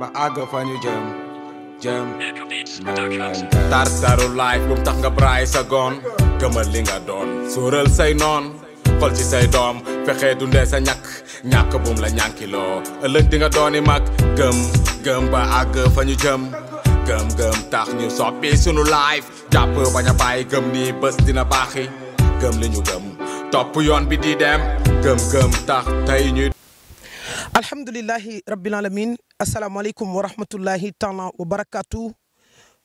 با اقف جنب jam taru life lum tax nga braay sa gon gëmal li nga doon sural say non xol ci say doom fexe dundee sa ñak ñàkk bum la ñànkiloo ëllëg di nga dooni mak gëm gëm ba àgg fa ñu jëm gëm gëm tax ñu soppi sunu life japp bañ a bàyyi gëm ni bëss dina baaxi gëm li ñu gëm top yoon bi di dem gëm gëm tax tay ñu alhamdulillahi rabbil alamin asalaamaaleykum wa rahmatullahi taala wa barakaatu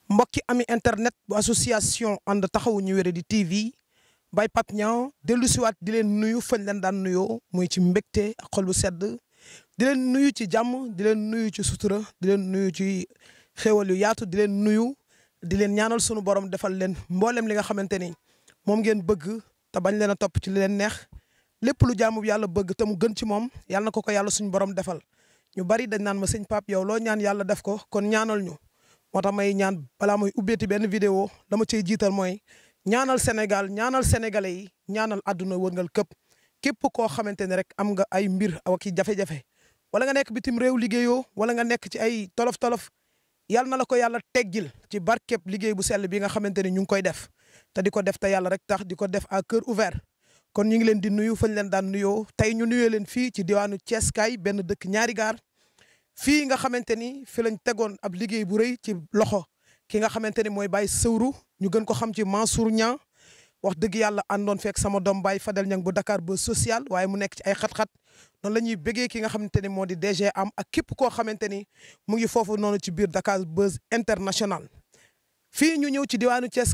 mbokki ami internet bu association ànd taxawu ñu wéré di TV Baye Pape Niang dellu siwaat di leen nuyu fañ leen daan nuyoo muy ci mbégte ak xol sedd di leen nuyu ci jàmm di leen nuyu ci suutura di leen nuyu ci xéewal yu yaatu di leen nuyu di leen ñaanal sunu borom defal leen mboolem li nga xamante ni moom ngeen bëgg te bañ leen a topp ci li leen neex lépp lu jaamu yàlla bëgg ta mu gën ci moom yàlla na ko ko yàlla suñu borom defal. ñu bari dañ naan ma sëñ Pape yow loo ñaan yàlla def ko kon ñaanal ñu moo tax may ñaan balaa may ubbeeti benn vidéo dama cey jiital mooy ñaanal Sénégal ñaanal sénégalais yi ñaanal àdduna wërngal këpp képp koo xamante ne rek am nga ay mbir ak i jafe-jafe wala nga nekk bitim réew liggéeyoo wala nga nekk ci ay tolof-tolof yal na la ko yàlla teggil ci barkeb liggéey bu sell bi nga xamante ne ñu ngi koy def te di ko def te yàlla rek tax di ko def a cœur ouvert kon ñu ngi leen di nuyu fañ leen daan nuyoo tey ñu nuyoo leen fii ci diwaanu Thiès kaay benn dëkk ñaari gaar fii nga xamante ni fi lañ tegoon ab liggéey bu rëy ci loxo ki nga xamante ni mooy Baye Sëwru ñu gën ko xam ci Mansour Niang wax dëgg yàlla àndoon fekk sama doom Baye Fadel Niang bu dakaar ba social waaye mu nekk ci ay xat-xat noonu la ñuy bëggee ki nga xamante ni moo di DG am ak képp koo xamante ni mu ngi foofu noonu ci biir Dakar Buzz International. fii ñu ñëw ci diwaanu Thiès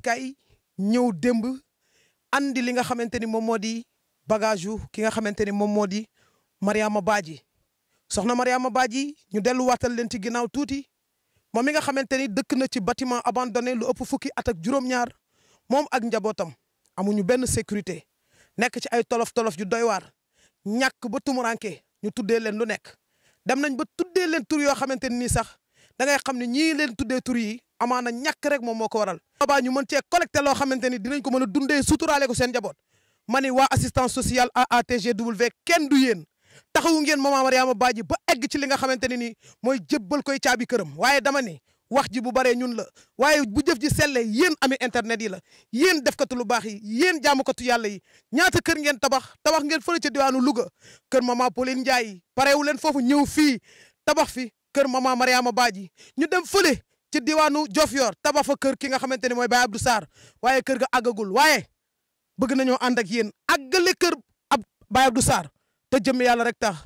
ñëw démb andi li nga xamante ni moom moo di bagage yu ki nga xamante ni moom moo di Mariama Badji soxna Mariama Badji ñu dellu delluwaatal leen ci ginnaaw tuuti moom mi nga xamante ni dëkk na ci bâtiment abandonné lu ëpp fukki at ak juróom-ñaar moom ak njabootam amuñu benn sécurité nekk ci ay tolof-tolof yu doy waar ñàkk ba tumuranke ñu tuddee leen lu nekk dem nañ ba tuddee leen tur yoo xamante ni sax da ngay xam ne ñii leen tuddee tur yi na ñàkk rek moom moo ko waral. boobaa ñu mën cee collecté loo xamante ni dinañ ko mën a dundee suturaale ko seen njaboot ma ni waa assistance sociale AATGW kenn du yéen taxawu ngeen maman Mariama Badji ba egg ci li nga xamante ne ni mooy jébbal koy caabi këram waaye dama ni wax ji bu baree ñun la waaye bu jëf ji sellee yéen ami internet yi la yéen defkatu lu baax yi yéen jaamukatu yàlla yi ñaata kër ngeen tabax tabax ngeen fële ca diwaanu Louga kër maman Pauline Ndiaye pareewu leen foofu ñëw fii tabax fi kër maman Mariama baaji ñu dem fële diwaanu diwaanu yoor taba fa kër ki nga xamante ne mooy Baye Abdou Sarr waaye kër ga àggagul waaye bëgg nañoo ànd ak yéen àggale kër ab Baye Abdou Sarr te jëm yàlla rek tax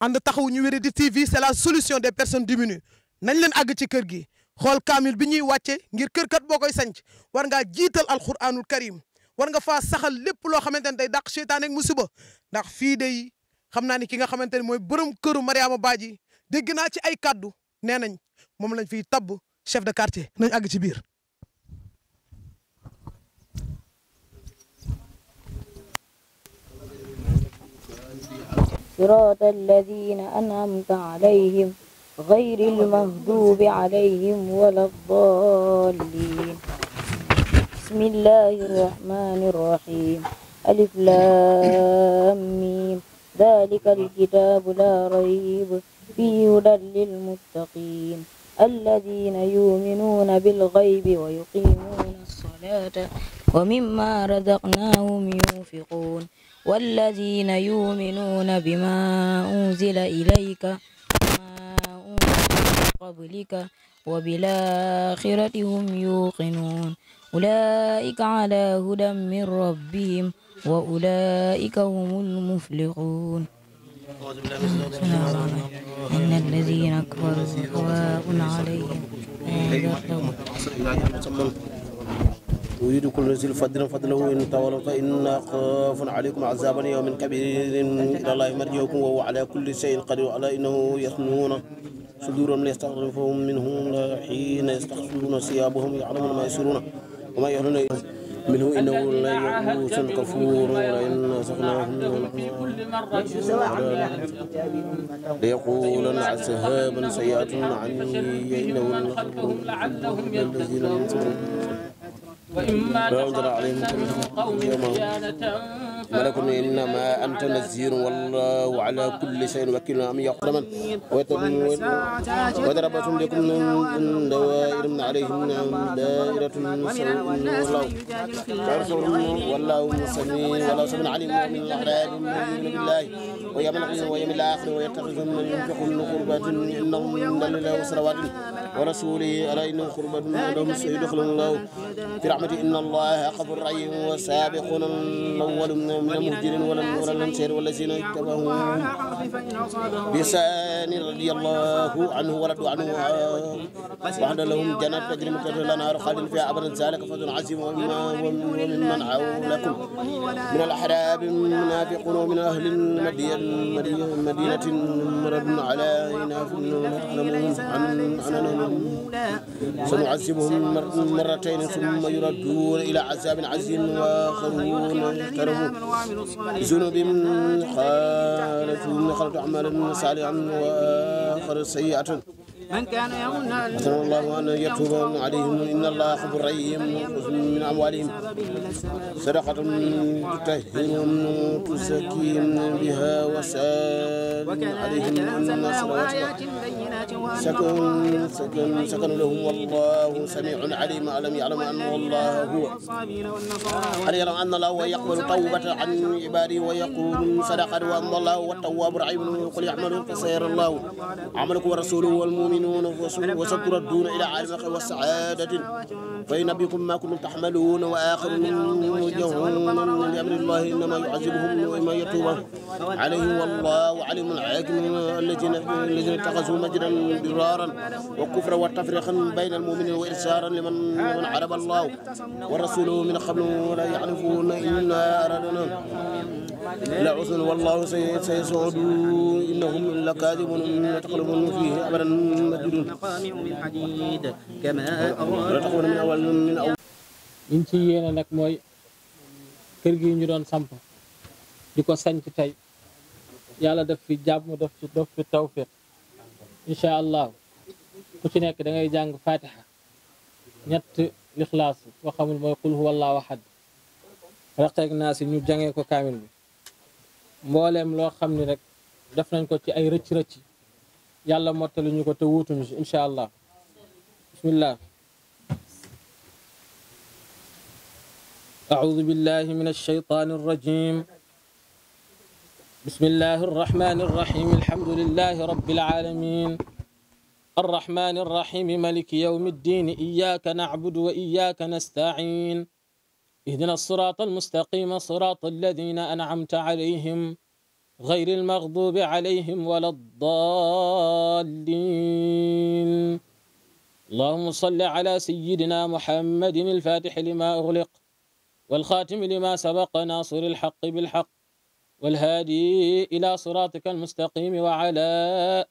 ànd taxawu ñu wéré di TV c'est la solution des personnes diminuées nañ leen àgg ci kër gi xool kaamil bi ñuy wàcce ngir kër kat boo koy sanc war ngaa jiital al alquranul karim war nga faa saxal lépp loo xamante ne day dàq seytaane mu suba ndax fii dey xam naa ni ki nga xamante ne mooy borom këru Mariama Badji dégg naa ci ay kaddu nee nañ moom lañ fiy tabb chef de quartier nañ àgg ci biir صراط الذين أنعمت عليهم غير المغضوب عليهم ولا الضالين بسم الله الرحمن الرحيم ألف لام ميم ذلك الكتاب لا ريب فيه هدى للمتقين الذين يؤمنون بالغيب ويقيمون الصلاة ومما رزقناهم ينفقون والذين يؤمنون بما أنزل إليك وما أنزل من قبلك وبالآخرة هم يوقنون أولئك على هدى من ربهم وأولئك هم المفلحون إن الذين كفروا سواء عليهم ويريد كل رسول فضلا فضله إن تولوا فان خاف عليكم عذابا يوم كبير إلى الله مرجعكم وهو على كل شيء قدير على إنه يثنون صدورهم ليستخلفهم منهم حين يستخفون ثيابهم يعلمون ما يسرون وما يعلنون منه إنه لا يموت الكفور وإن أسقناهم ليقولن عسهابا سيئة عني إنه لعلهم يتقون وإما نخافن منهم قوم خيانة ملك إنما أنت نذير والله على كل شيء وكيل أم يقرم وضربتم لكم دوائر من عليهم دائرة والله والله سميع ولا سميع عليم من أحراب من الله ويوم الآخر ويوم الآخر ويتخذ من ينفقهم قربات إنهم من الله وصلوات ورسوله ألا إنه قربة لهم سيدخل الله في رحمته إن الله قبر رحيم وسابقون الاول من ولا مهجر ولا ولا الأنصار والذين اتبعوا بإحسان رضي الله عنه ورضوا عنه وعد لهم جنات تجري من تحتها الأنهار خالدين فيها أبدا ذلك فضل عظيم وممن حولكم من الأحراب منافقون ومن أهل المدينة مدينة مرد علينا في نتكلم عن عن سنعذبهم مرتين ثم يردون إلى عذاب عظيم وآخرون يحترمون أيوة، ذنوب خالف خلت أعمالا صالحا وآخر سيئة من كان يظن أسأل الله أن يتوب عليهم إن الله غفور رحيم من أموالهم صدقة تطهرهم وتزكيهم بها وسال عليهم أن سكن سكن سكن لهم والله سميع عليم ألم يعلم أن الله هو ألم يعلم أن الله هو يقبل توبة عن عباده ويقول صدقة وأن الله هو التواب الرحيم قل يعمل فسيرى الله عملكم ورسوله والمؤمن وسكر وستردون إلى عالم الخير والسعادة بكم ما كنتم تحملون وآخر يوم لأمر الله إنما يعذبهم وإما يتوب عليهم والله عليم العاقل الذين الذين اتخذوا مجرا ضرارا وكفرا وتفريقا بين المؤمنين وإرسالا لمن من عرب الله ورسوله من قبل ولا يعرفون إنا أردنا عذر والله سيسعدون إنهم لكاذبون تقلبون فيه أبدا ممدود liñ ci yéene nag mooy kër gi ñu doon samp di ko sanc tey yàlla def fi jàmm def fi def fi tawfiq incha allah ku ci nekk dangay jàng fatiha ñett lixlaas koo mooy qul huwa allahu ahad naa si ñu jàngee ko kaamil bi mbooleem loo xam ni rek def nañ ko ci ay rëcc-rëcc يلا mottali ñu ko te ان شاء الله بسم الله أعوذ بالله من الشيطان الرجيم بسم الله الرحمن الرحيم الحمد لله رب العالمين الرحمن الرحيم ملك يوم الدين إياك نعبد وإياك نستعين اهدنا الصراط المستقيم صراط الذين أنعمت عليهم غير المغضوب عليهم ولا الضالين اللهم صل على سيدنا محمد الفاتح لما أغلق والخاتم لما سبق ناصر الحق بالحق والهادي إلى صراطك المستقيم وعلى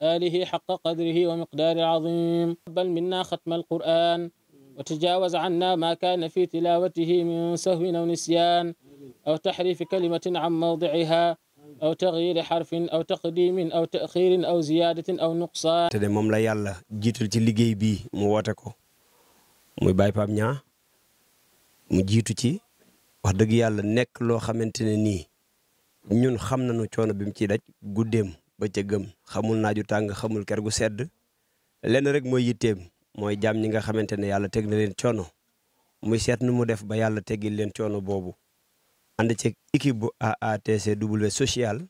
آله حق قدره ومقدار عظيم قبل منا ختم القرآن وتجاوز عنا ما كان في تلاوته من سهو أو نسيان أو تحريف كلمة عن موضعها أو تغيير حرف أو تقديم أو تأخير أو زيادة أو نقصان. te de moom la yàlla jiital ci liggéey bii mu woote ko muy Baye Pape Niang mu jiitu ci wax dëgg yàlla nekk loo xamante ne nii ñun xam nañu coono bi mu ciy daj guddeem ba ca gëm xamul naaju tàng xamul ker gu sedd lenn rek mooy yitteem mooy jaam ñi nga xamante ne yàlla teg na leen coono muy seet nu mu def ba yàlla teggi leen coono boobu. ànd ceeg équipe bu du AATCW social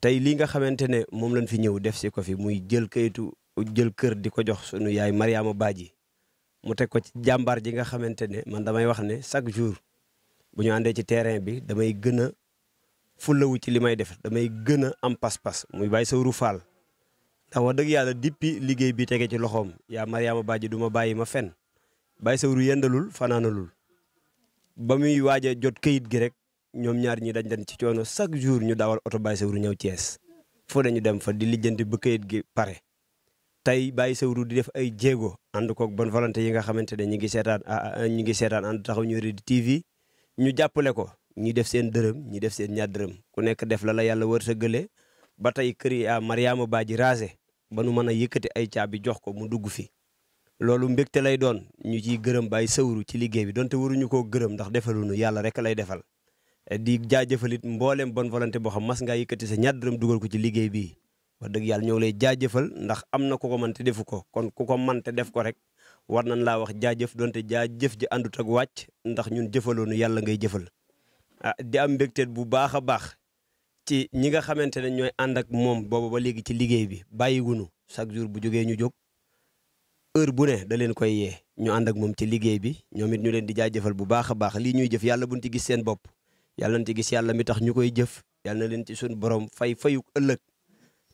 tey li nga xamante ne moom lañ fi ñëw def si ko fi muy jël kayitu jël kër di ko jox sunu yaay Mariama Badji mu teg ko ci jàmbaar ji nga xamante ne man damay wax ne chaque jour bu ñu àndee ci terrain bi damay gën a fullawu ci li may def damay gën a am pas-pas muy bàyyi sawru faal ndax wax dëgg yàlla dippi liggéey bi tege ci loxoom yaa Mariama Badji du ma bàyyi ma fen bàyyi sawru yendalul fanaanalul ba muy waaj jot kayit gi rek ñoom ñaar ñi dañ den ci coono chaque jour ñu dawal oto Baye Sawru ñëw Thiès fu dañu dem fa di lijjanti ba kayit gi pare tey Baye Sawru di def ay jéego ànd koog bonne volonté yi nga xamante ne ñu ngi seetaan ah, ah, ñu ngi seetaan taxaw ñu di TV ñu jàppale ko ñi def seen dërëm ñi def seen ñaar dërëm ku nekk def la la yàlla wër sa ba tey kër yi ah, Mariama Badji rasé ba nu mën a yëkkati ay caabi jox ko mu dugg fi loolu mbégte lay doon ñu ciy gërëm Baye Sawru ci liggéey bi donte waruñu koo gërëm ndax defaluñu yàlla rek lay defal di jaajëfalit mboolem bonne volonté boo xam mas ngaa yëkkati sa ñaar dërëm dugal ko ci liggéey bi wax dëgg yàlla ñoo ngi lay jaajëfal ndax am na ko ko mante te defu ko kon ku ko mante def ko rek war nañ laa wax jaajëf donte jëf ji àndut ak wàcc ndax ñun jëfaloonu yàlla ngay jëfal ah di am mbégteet bu baax a baax ci ñi nga xamante ne ñooy ànd ak moom boobu ba léegi ci liggéey bi bàyyiwunu chaque jour bu jógee ñu jóg heure bu ne da leen koy yee ñu ànd ak moom ci liggéey bi ñoom it ñu leen di jaajëfal bu baax a baax lii ñuy jëf yàlla buñ ci gis seen bopp yàlla nañ ci gis yàlla mi tax ñu koy jëf yàlla na leen ci suñu borom fay fayu ëllëg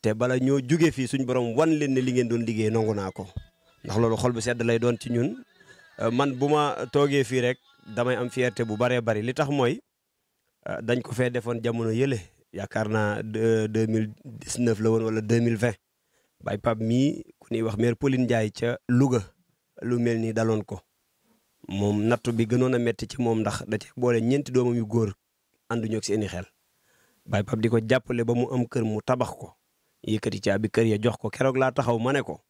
te bala ñoo jóge fii suñu borom wan leen ne li ngeen doon liggéey nangu naa ko ndax loolu xol bu sedd lay doon ci ñun euh, man bu ma toogee fii rek damay am fierté bu baree bari li tax mooy euh, dañ ko fee defoon jamono yële yaakaar naa deux mille dix wala deux mille vingt ku ñuy wax maire Pauline Ndiaye ca Louga lu mel nii daloon ko moom nattu bi gënoon a metti ci moom ndax da boole ñeenti doomam yu góor ànduñu ak seeni xel Baye Pape di ko jàppale ba mu am kër mu tabax ko yëkkati caabi kër ya jox ko keroog laa taxaw ma ne ko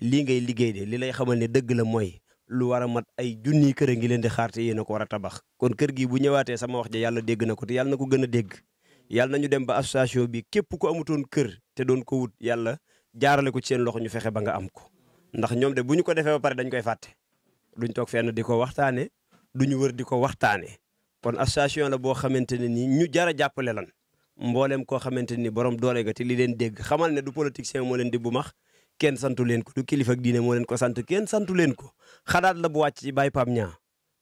lii ngay liggéey de li lay xamal ne dëgg la mooy lu war a mat ay junniy kër a ngi leen di xaar te yéen a ko war a tabax. kon kër gi bu ñëwaatee sama wax ja yàlla dégg na ko te yàlla na ko gën a dégg yàlla nañu dem ba association bi képp ku amutoon kër te doon ko yàlla jaarale ko ci seen loxo ñu fexe ba nga am ko ndax ñoom de bu ñu ko defee ba pare dañ koy fàtte duñ toog fenn di ko waxtaanee duñu wër di ko waxtaanee kon association la boo xamante ne nii ñu jar a jàppale lan mbooleem koo xamante ni borom doole ga te li leen dégg xamal ne du politicien moo leen di bu max kenn santu leen ko du kilifa ak diine moo leen ko sant kenn santu leen ko xalaat la bu wàcc ci Baye Pape Niang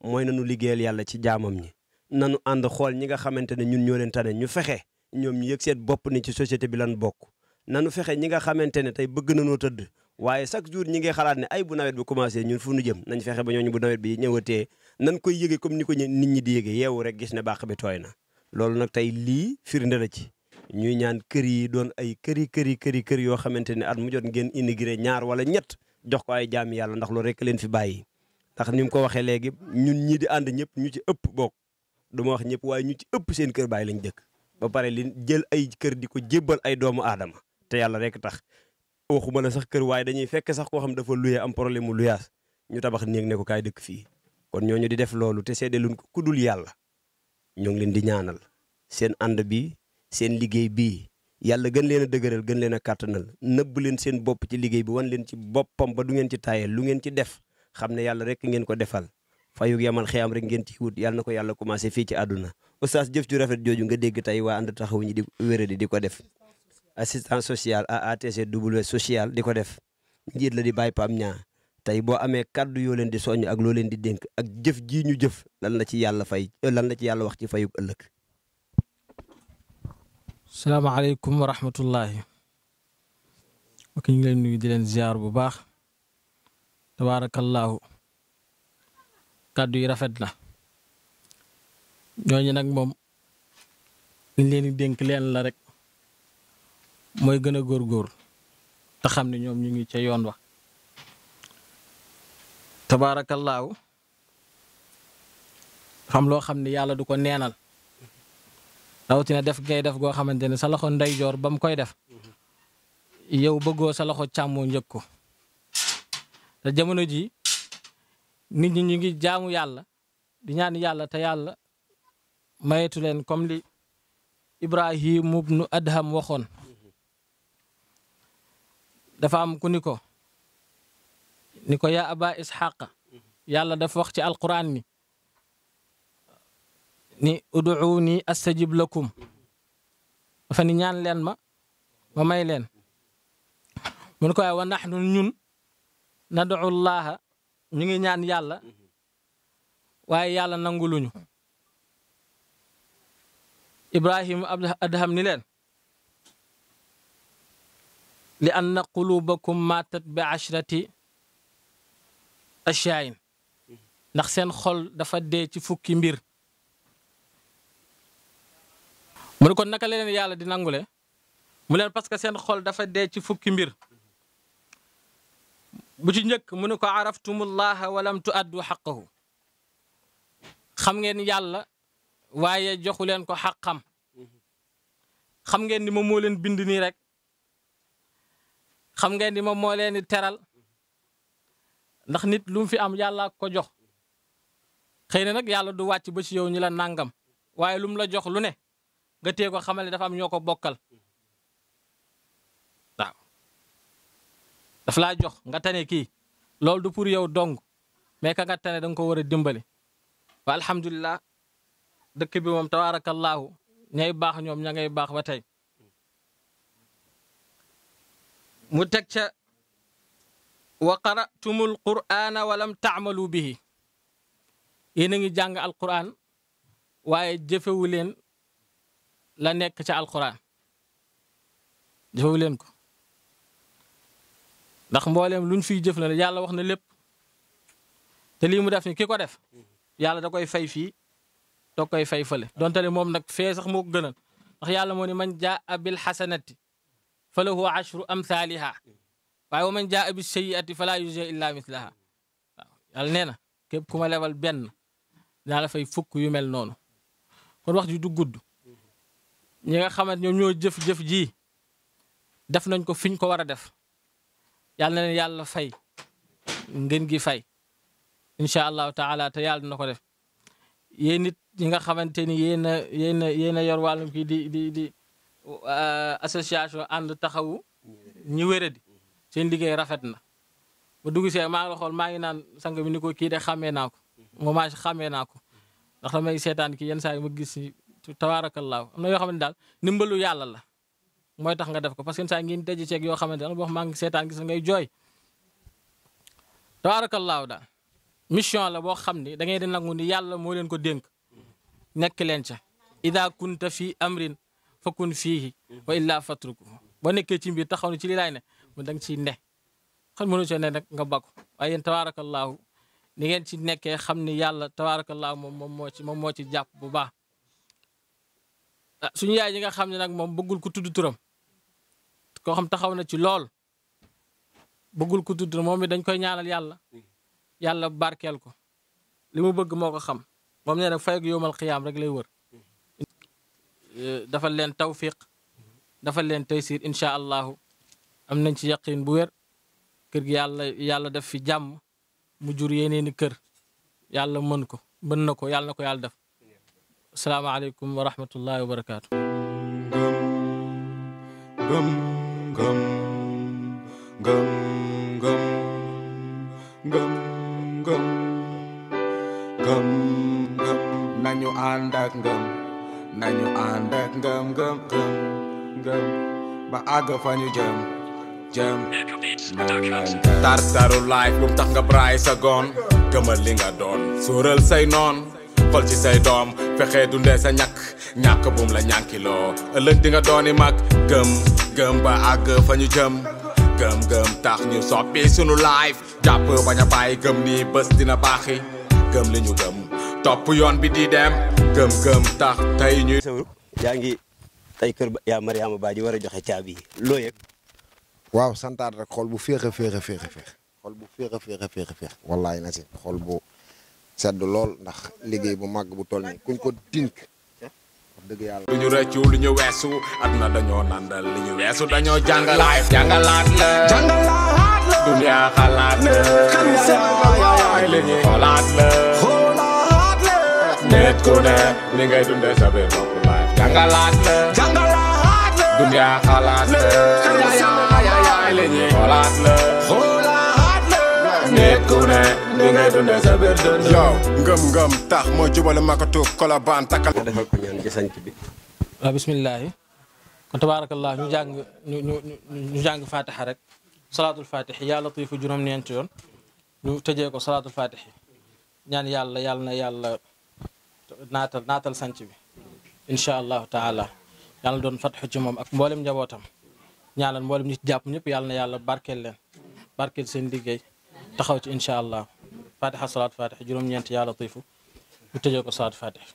mooy nanu liggéeyal yàlla ci jaamam ñi nanu ànd xool ñi nga xamante ne ñun ñoo leen tane ñu fexe ñoom ñu yëg seet bopp ni ci société bi lan bokk nanu fexe ñi nga xamante ne tey bëgg nañoo tëdd waaye chaque jour ñi ngay xalaat ne ay bu nawet bi commencé ñun fu nu jëm nañ fexe ba ñooñu bu nawet bi ñëwatee nan koy yëgee comme ni ko nit ñi di yëgee yeewu rek gis ne bàq bi tooy na loolu nag tey lii firnde la ci ñuy ñaan kër yi doon ay këri këri këri kër yoo xamante ne at mu jot ngeen immigré ñaar wala ñett jox ko ay jaam yàlla ndax loolu rek leen fi bàyyi ndax ni mu ko waxee léegi ñun ñii di ànd ñëpp ñu ci ëpp bokk du ma wax ñëpp waaye ñu ci ëpp seen kër bàyyi lañ dëkk ba pare li jël ay kër di ko jébbal ay doomu aadama te yàlla rek tax waxuma la sax kër waaye dañuy fekk sax koo xam dafa luye am problème mu luyaas ñu tabax néeg ne ko kaay dëkk fii kon ñoo ñu di def loolu te seedeluñ ko ku dul yàlla ñoo ngi leen di ñaanal seen ànd bi seen liggéey bii yàlla gën leen a dëgëral gën leen a kàttanal nëbb leen seen bopp ci liggéey bi wan leen ci boppam ba du ngeen ci taayal lu ngeen ci def xam ne yàlla rek ngeen ko defal fayug yamal xiyam rek ngeen ci wut yàlla na ko yàlla commencé fii ci àdduna oustaz jëf ju rafet jooju nga dégg tey waa ànd taxaw ñi di di ko def assistance sociale atse AATCW sociale di ko def njiit la di bàyyi Pape ñaa tey boo amee kàddu yoo leen di soññ ak loo leen di dénk ak jëf ji ñu jëf lan la ci yàlla fay lan la ci yàlla wax ci fayu ëllëg. salaamaaleykum wa rahmatullahi ok ñu ngi di leen ziar bu baax tabaarakallaahu kàddu yi rafet la ñooñu nag moom liñ leen di dénk leen la rek. mooy gën a góor te xam ne ñoom ñu ngi ca yoon wax tabaarakallaahu xam loo xam ne yàlla du ko neenal rawatina def ngay def goo xamante ne sa loxo ndeyjoor ba mu koy def yow bëggoo sa loxo càmmoo njëg ko te jamono ji nit ñi ñu ngi jaamu yàlla di ñaan yàlla te yàlla mayetu leen comme li Ibrahim ibnu Adham waxoon dafa am ku ni ko ni ko yaa aba isxaqa yàlla dafa wax ci alquran ni ni uduuni astajib lakum dafa ñaan leen ma ma may leen mu ni ko waaye wa naxnu ñun nadu llaha ñu ngi ñaan yàlla waaye yàlla nanguluñu ibrahim adham ni leen لأن قلوبكم ماتت بعشرة أشياء نخسن خل دفا دي تي فوكي مير مولي كون نكا لين يالا دي نانغولي مولين باسكو سين خول دفا دي تي فوكي مير بوتي نيك مونيكو عرفتم الله ولم تؤدوا حقه خم غين يالا وايي جوخولين كو حقام خم غين xam ngeen ni moom moo leen di teral ndax nit lum fi am yàlla ko jox xëy na nag yàlla du wàcc ba ci yow ñi la nangam waaye lu mu la jox lu ne nga téye ko xamal ne dafa am ñoo ko bokkal waaw daf laa jox nga tane kii loolu du pour yow dong mais ka nga tane danga ko war a dimbali. wa alhamdulilah dëkk bi moom tabaarakallaahu ñay baax ñoom ña ngay baax ba tey. متكش وقرأتم القرآن ولم تعملوا به ينغي جانغ القرآن واي جفو لين لنك القرآن جفو لينكو داخ مبولم لون في جفنا يالا وخنا لب تلي مدفن كي كو دف يالا داكوي فاي في داكوي فاي فلي دونتالي موم نك فيسخ مو غنن داخ يالا موني من جاء بالحسنات falahu ashru amthaliha waaye wa man jaa bi sayyi'ati fala yujza illa mithlaha waaw yàlla nee na képp ku ma lebal benn dinaa la fay fukk yu mel noonu kon wax ji du gudd ñi nga xamante ñoom ñoo jëf-jëf ji def nañ ko fiñ ko war a def yàlla na leen yàlla fay ngeen gi fay incha allahu taala te yàlla dina ko def yéen nit ñi nga xamante ni yéen a yéen a yéen a yor wàllum kii di di di Euh, association ànd taxawu ñu wéradi seen liggéey rafet na dugg see maa ngi xool maa ngi naan sang bi ko kii de xàmmee naa ko mommage xàmmee naa ko ndax may seetaan ki yenn saa yi ma gis si tabaarakallaahu am na yoo xam ne daal ndimbalu yàlla la mooy tax nga def ko parce que yenn saa yi ngeen daje ceeg yoo xamante ne boo xam maa ngi seetaan gis ngay jooy tabaarakallaahu daal mission la boo xam ne da ngay di nangu ni yàlla moo leen ko dénk nekk leen ca ida kunta fi amrin فكون فيه والا فاتركه بو نيكي تي مبي تخاوني تي لي لاي نه مون داغ سي نه خان مونو سي نه نغا باكو واي تبارك الله ني نين سي نيكي خامني يالا تبارك الله موم موم موتي موم موتي جاب بو با أه، سوني ياي نيغا خامني نك موم بوغول كو تود تورم كو خام تخاونا سي لول بوغول كو تود مومي دنج كوي نيالال يالا يالا باركيل كو لي مو بوغ موكو خام موم نينا فايك يوم القيامه رك لي وور dafal leen tawfiq dafal leen taysir incha allahu am nañ ci yaqin bu wér kër gi yàlla yàlla def fi jàmm mu jur yeneeni kër yàlla mën ko mën na ko yàlla na ko yàlla def asalaamaaleykum wa rahmatullahi wa barakaatu gëm gëm gëm gëm gëm gëm gëm gëm nañu ànd ak ngëm nañu ànd ak ngëm ngëm ngëm ngëm ba àgg fa ñu jëm jëm tar taru life bu tax nga braay sa goon gëmal nga doon sóoral say non xol ci say dom, fexe dundee sa nyak ñàkk bum la kilo ëllëg di nga dooni mag gëm gëm ba aga fanyu jam jëm gëm tak nyu ñu soppi sunu life jàpp bañ a bàyyi gëm ni bés dina baaxi gëm li ñu gëm topp yoon bi di dem gem gem tax tay ñu yaa tay kër Mariama baaji wara joxe tiabi lo yek ya. waaw santaat rek xol bu fexe fexe fexe fexe xol bu fexe fexe fexe fexe wallahi na ci xol bu sedd lol ndax liggey bu mag bu toll kuñ ko tink dëgg yàlla ñu rëccu lu ñu weesu at na nandal li ñu weesu dañoo jàngalaat jàngalaat la la dunia xalaat la xam sa waay li la nit ku ni ngay dundee sa biir bopp laay jàngalaat na jàngalaat na dunyaa xalaat la nit ku ni ngay dundee sa biir dund yow ngëm tax moo jubale makatu kola baan takkal defal ñaan ci sanc bi waaw bismillaahi kon tabaarakallah ñu jàng ñu ñu ñu jàng fatiha rek salaatul fatihi yaa latiifu juróom-ñeent yoon ñu ko salaatul fatihi naatal naatal sanc bi incha allahu taala yàlla doon fatxu ci moom ak mboolem njabootam ñaanal mboolem ñi ci jàpp ñëpp yàlla na yàlla barkeel leen barkeel seen liggéey taxaw ci incha allah fatiha salaat fatiha juróom-ñeent yaa latifu ñu tëjee ko salaat fatiha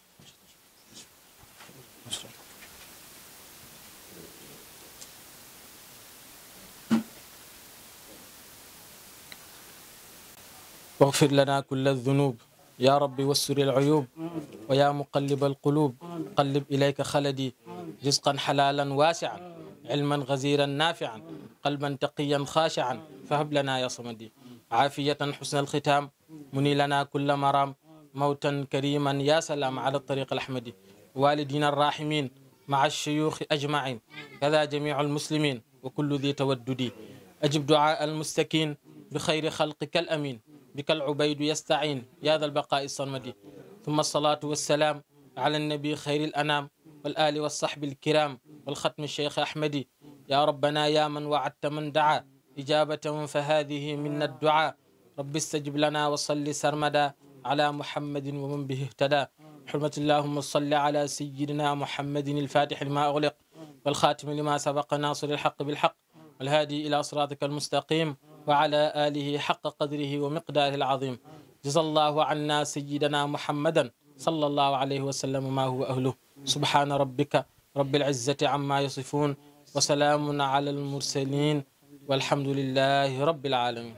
واغفر لنا كل الذنوب يا رب وسر العيوب ويا مقلب القلوب قلب إليك خلدي رزقا حلالا واسعا علما غزيرا نافعا قلبا تقيا خاشعا فهب لنا يا صمدي عافية حسن الختام مني لنا كل مرام موتا كريما يا سلام على الطريق الأحمدي والدينا الراحمين مع الشيوخ أجمعين كذا جميع المسلمين وكل ذي توددي أجب دعاء المستكين بخير خلقك الأمين بك العبيد يستعين يا ذا البقاء الصمد ثم الصلاة والسلام على النبي خير الأنام والآل والصحب الكرام والختم الشيخ أحمد يا ربنا يا من وعدت من دعا إجابة فهذه منا الدعاء رب استجب لنا وصل سرمدا على محمد ومن به اهتدى حرمة اللهم صل على سيدنا محمد الفاتح لما أغلق والخاتم لما سبق ناصر الحق بالحق والهادي إلى صراطك المستقيم وعلى آله حق قدره ومقداره العظيم جزا الله عنا سيدنا محمدا صلى الله عليه وسلم ما هو أهله سبحان ربك رب العزة عما يصفون وسلام على المرسلين والحمد لله رب العالمين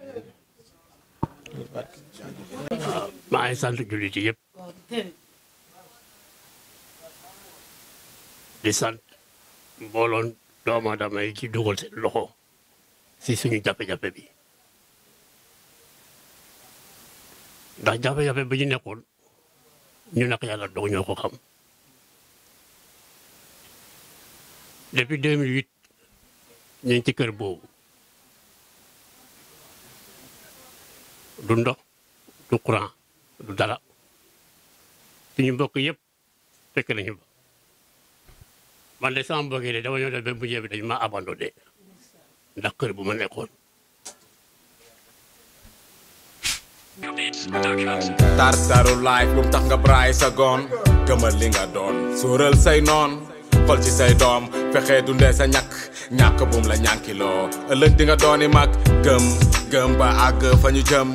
ما ngi sant jullit yi yëpp di sant mbooloon doomu aadama yi ci dugal seen loxo ndax jafe-jafe bi ñu nekkoon ñu nekk yàlla dong ñoo ko xam depuis 2008 ñu ngi ci kër boobu du ndox du courant du dara suñu mbokk yëpp fekk nañu ba man de sama mbokk yi de dama ñëw def ba mujjee bi dañu ma abandonné ndax kër bu ma nekkoon. tartaru life bu mu tax nga braay sa goon gëmal li nga doon suural say noon xol ci say doom fexe dundee sa ñàkk ñàkk bum la ñànkiloo ëllëg di nga dooni mag gëm gëm ba àgg fa ñu jëm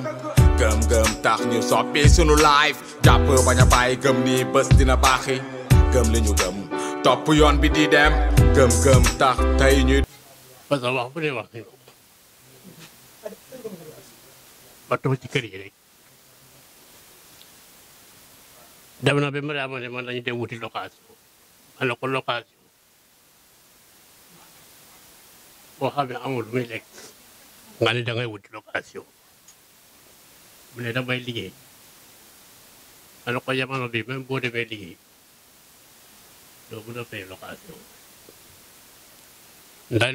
gëm gëm tax ñu soppi sunu life jàpp bañ a bàyyi gëm nii bés dina baaxi gëm li ñu gëm topp yoon bi di dem gëm gëm tax tey ñuy parce que wax bu dee wax ba toog ci kër yi rek dem na ba mu daa ma ne man dañu de wuti location ma ne ko location boo xam ne amul lu muy lekk nga ne da wuti location mu ne damay liggéey ma ne ko jamono bi même boo demee liggéey doo mën a fay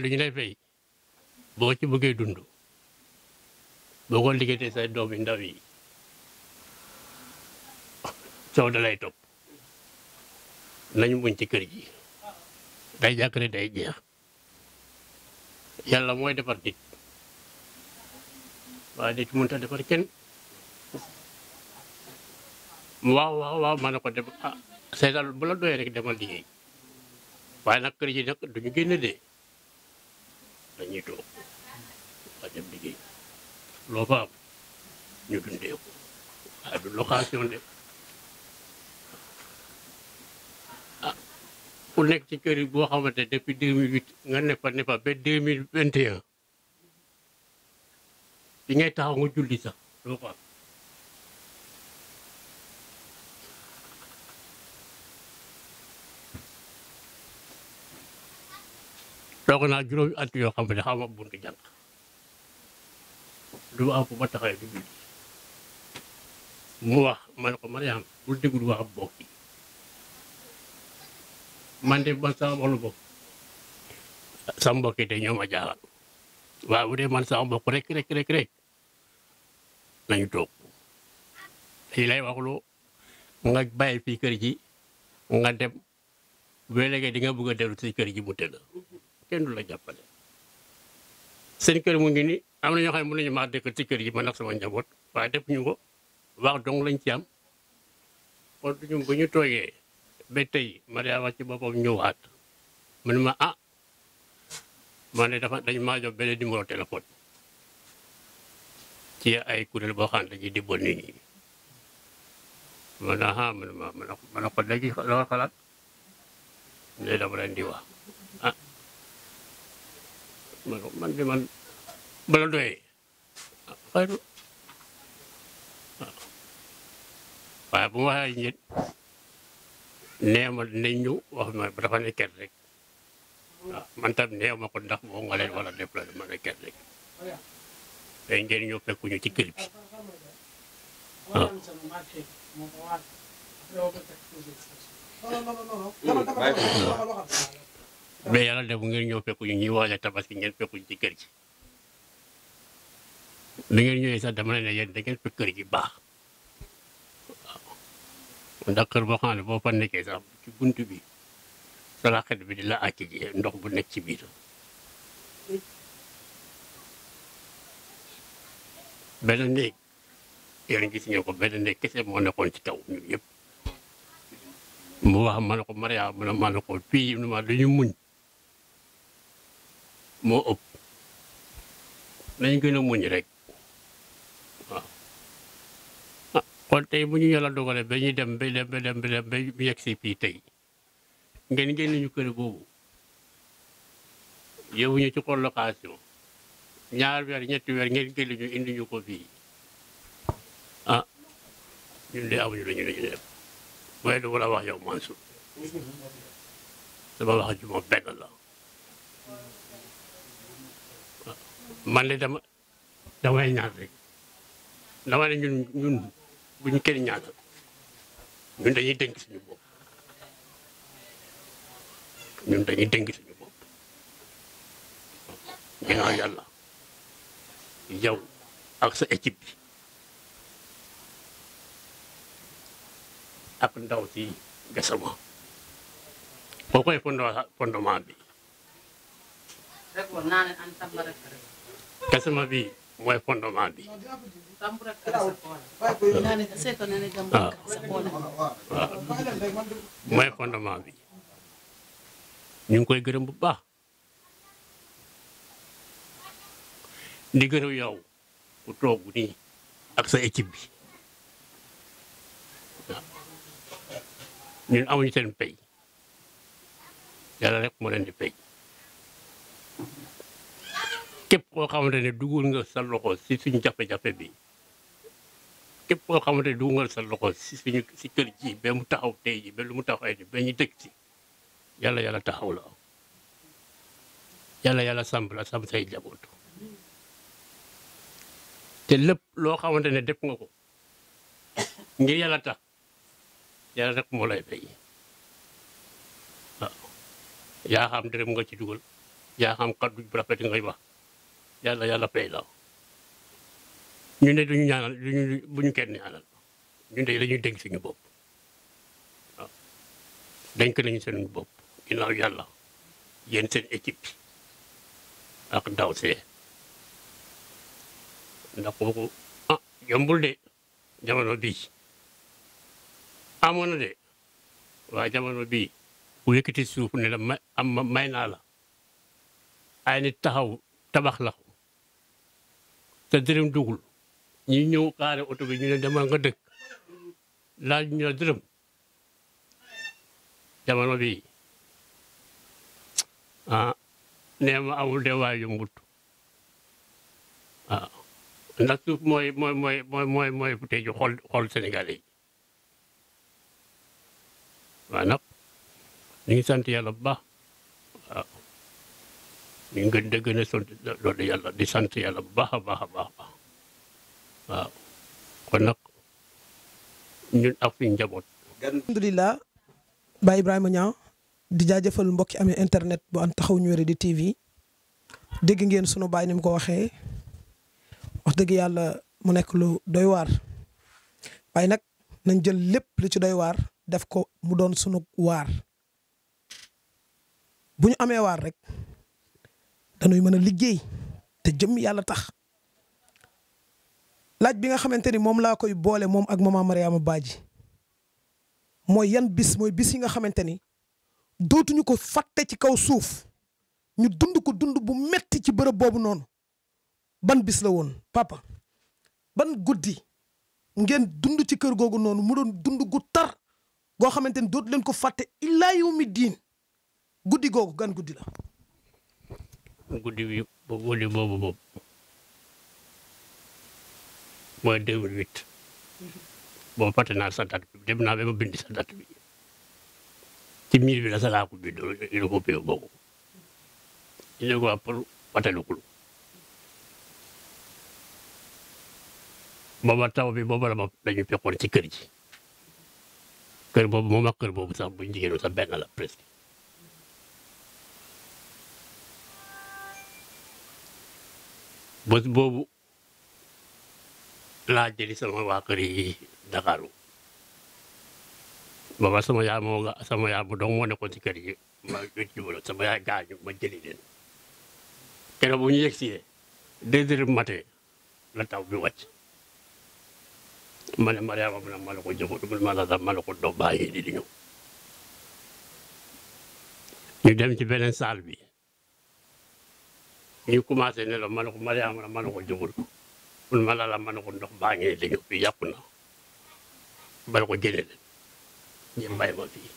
ñu lay fay boo ci bëggee dund boo ko liggéey te say doom yi ndaw yi coono lay topp nañu muñ ci kër gi day jàkk ne day jeex yàlla mooy defar nit waaye nit mënut a defar kenn waaw waaw waaw ma ne ko dem ah seetal bu la doyee rek demal liggéey waaye nag kër gi nag duñu génn dañuy toog dem liggéey loo fa am ñu dundee ko waaye du location de ku nekk ci kër yi boo xamante depuis 2008 nga ne fa ne fa ba 2021 bi ngay taxaw nga julli sax doo ko toog naa juróomi at yoo xam ne du ma am taxawee du mande bansa bolbo sambo ke de nyoma jala wa ude man samba ko kre kre kre na lañu tok li lay wax lu nga bayil fi kër ji nga dem wélégé di nga bëgg delu ci kër ji mu tel kenn dula la jàppale seen kër mu ngi ni am na ñoo xam mu ñu ma dekk ci kër ji man ak sama njabot wa def ñu ko wax dong lañ ci am ko duñu bu ñu betei mari awak cuba pemnyuat menma a mana dapat dari majo bele di mulut telefon dia ai kuda lebahan lagi di boni mana ha menma mana mana pad lagi kalau kalat dia dah berani wah a mana man di man belodoi Pak ini neemal nañ ñu wax ma dafa ne kenn rek waaw ah, man tam neew ko ndax moo nga leen wala la ma ne kenn rek day ngeen ñëw fekku ñu ci kër bi waaw ah. mais yàlla def ngeen ñëw fekku ñu ñuy waaja tabas tabaski ngeen fekku ñu ci kër gi li ngeen ñëwee sax dama ne ne yéen da ngeen fekk kër gi baax ndax kër boo xam ne boo fa ci bunt bi salaaxet bi di la àcc ji ndox bu nekk ci biir benn néeg yéen gis ngeen ko benn néeg kese moo nekkoon ci kaw ñun mu wax ma ne ko Maria mu ne ma ne ko fii nu ma dañu muñ moo ëpp nañ gën a muñ rek kon tey bu ñu yàlla dogalee ba ñuy dem ba dem ba dem ba dem ba yegg si fii tey ngeen génn ñu kër boobu yóbbu ñu ci colocation ñaar weer ñetti weer ngeen génn ñu indi ñu ko fii ah ñun de amuñu ñu lu ñu def waaye du la wax yow Mansour sama wax ju ma benn la ah, man de dama damay ñaan rek bu ñu dengki ñaagal ñun dañuy dénk suñu bopp ñun dañuy dénk suñu bopp ginnaaw yàlla yow ak sa équipe bi ak ndaw si gasama koy fondement bi bi mooy fondement bi. waaw waaw bi ñu ngi koy gërëm bu baax di gërëm yow ku toog nii ak sa équipe bi waaw ñun amuñu seen pay yàlla rek moo di pay. képp koo xamante ne dugal nga sa loxo si suñu jafe-jafe bi képp koo xamante ne dugal nga sa loxo si suñu si kër ji ba mu taxaw tey ji ba lu mu taxawee ni ñu dëkk ci yàlla yàlla taxaw la yàlla yàlla sàmm la sàmm say jaboot te lépp loo xamante ne def nga ko ngir yàlla tax yàlla rek moo lay fay waaw yaa xam dërëm nga ci dugal yaa xam kaddu bu rafet ngay wax yàlla yàlla fay la ñu ne duñu ñaanal duñu buñu kenn ñaanal ñu ne dañuy dénk suñu bopp waaw dénk nañu suñu bopp ginnaaw yàlla yéen seen équipe ak ndaw see ndax kooku ah yombul de jamono bii amoon na de waaye jamono bii bu yëkkati suuf ne la may am may naa la ay nit taxaw tabax la te dërëm dugul ñi ñëw kaare oto bi ñu ne demal nga dëkk laaj ñu la dërëm jamono bi ah nee ma amul de waay yombut waaw ah, ndax suuf mooy mooy mooy mooy mooy mooy fu tey ji xool yi waaw nag ñu ngi sant yàlla bu baax ñu ngi dégg di gën yàlla di sant yàlla baax a baax a baax waaw kon nag ñun ak fi njaboot. alhamdulilah Baye Ibrahima Niang di jaajëfal mbokki amee internet bu taxaw ñu wéré di TV dégg ngeen sunu baay ni mu ko waxee wax dëgg yàlla mu nekk lu doy waar waaye nag nañ jël lépp li ci doy waar def ko mu doon sunu waar bu ñu amee waar rek. dañuy mën a liggéey te jëmm yàlla tax laaj bi nga xamante ni moom laa koy boole moom ak maman Mariama Badji mooy yan bis mooy bis yi nga xamante ni dootuñu ko fàtte ci kaw suuf ñu dund ko dund bu metti ci bërëb boobu noonu ban bis la woon papa ban guddi ngeen dund ci kër googu noonu mu doon dund gu tar goo xamante ni dootu leen ko fàtte illaa yow mi diin guddi googu gan guddi la guddi bi guddi boobu boobu mooy 2008 boobu fàtte naa sa date bi dem naa ba ma bind sa date bi ci miir bi la sa laa ko bind ina ko péew taw bi booba la ma dañu fekkoon ci kër ji kër boobu moom ak kër boobu sax bu jigéenu sax benn la presque bés boobu laa jëli sama waa kër yi Dakaaru booba sama yaay moo sama yaay bu dong moo nekkoon ci kër yi ma jubalo sama yaay gaañu ma jëli leen keroog bu ñu yegg si deux heures la taw bi wàcc ma ne Mariama mu ne ma ko jëmu ma la sax ma la di di ñëw dem ci beneen salle ñu commencé ne la ma ne ko Mariama ma ne ko jógul ma la la ma ne ndox baa ngi dañu fi yàqu ngeen bàyyi ma fii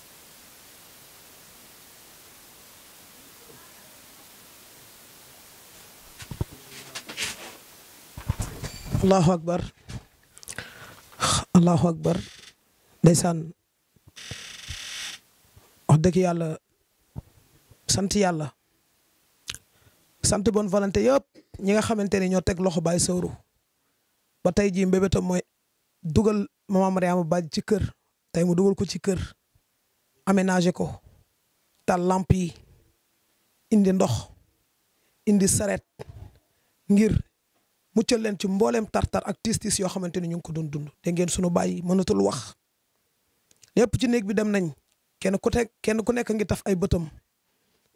allahu akbar allahu akbar ndeysaan wax dëgg yàlla sant yàlla santé bon volonté yëpp ñi nga xamante ne ñoo teg loxo Baye Sowru ba tey jii mbébétam mooy dugal maman Mariama Badji ci kër tey mu dugal ko ci kër aménagé ko tal lamp yi indi ndox indi saret ngir muccal leen ci mbooleem tartar ak tiis-tiis yoo xamante ni ñu ngi ko doon dund dégg ngeen sunu bàyyi mënatul wax lépp ci néeg bi dem nañ kenn ku te kenn ku nekk ngi taf ay bëtam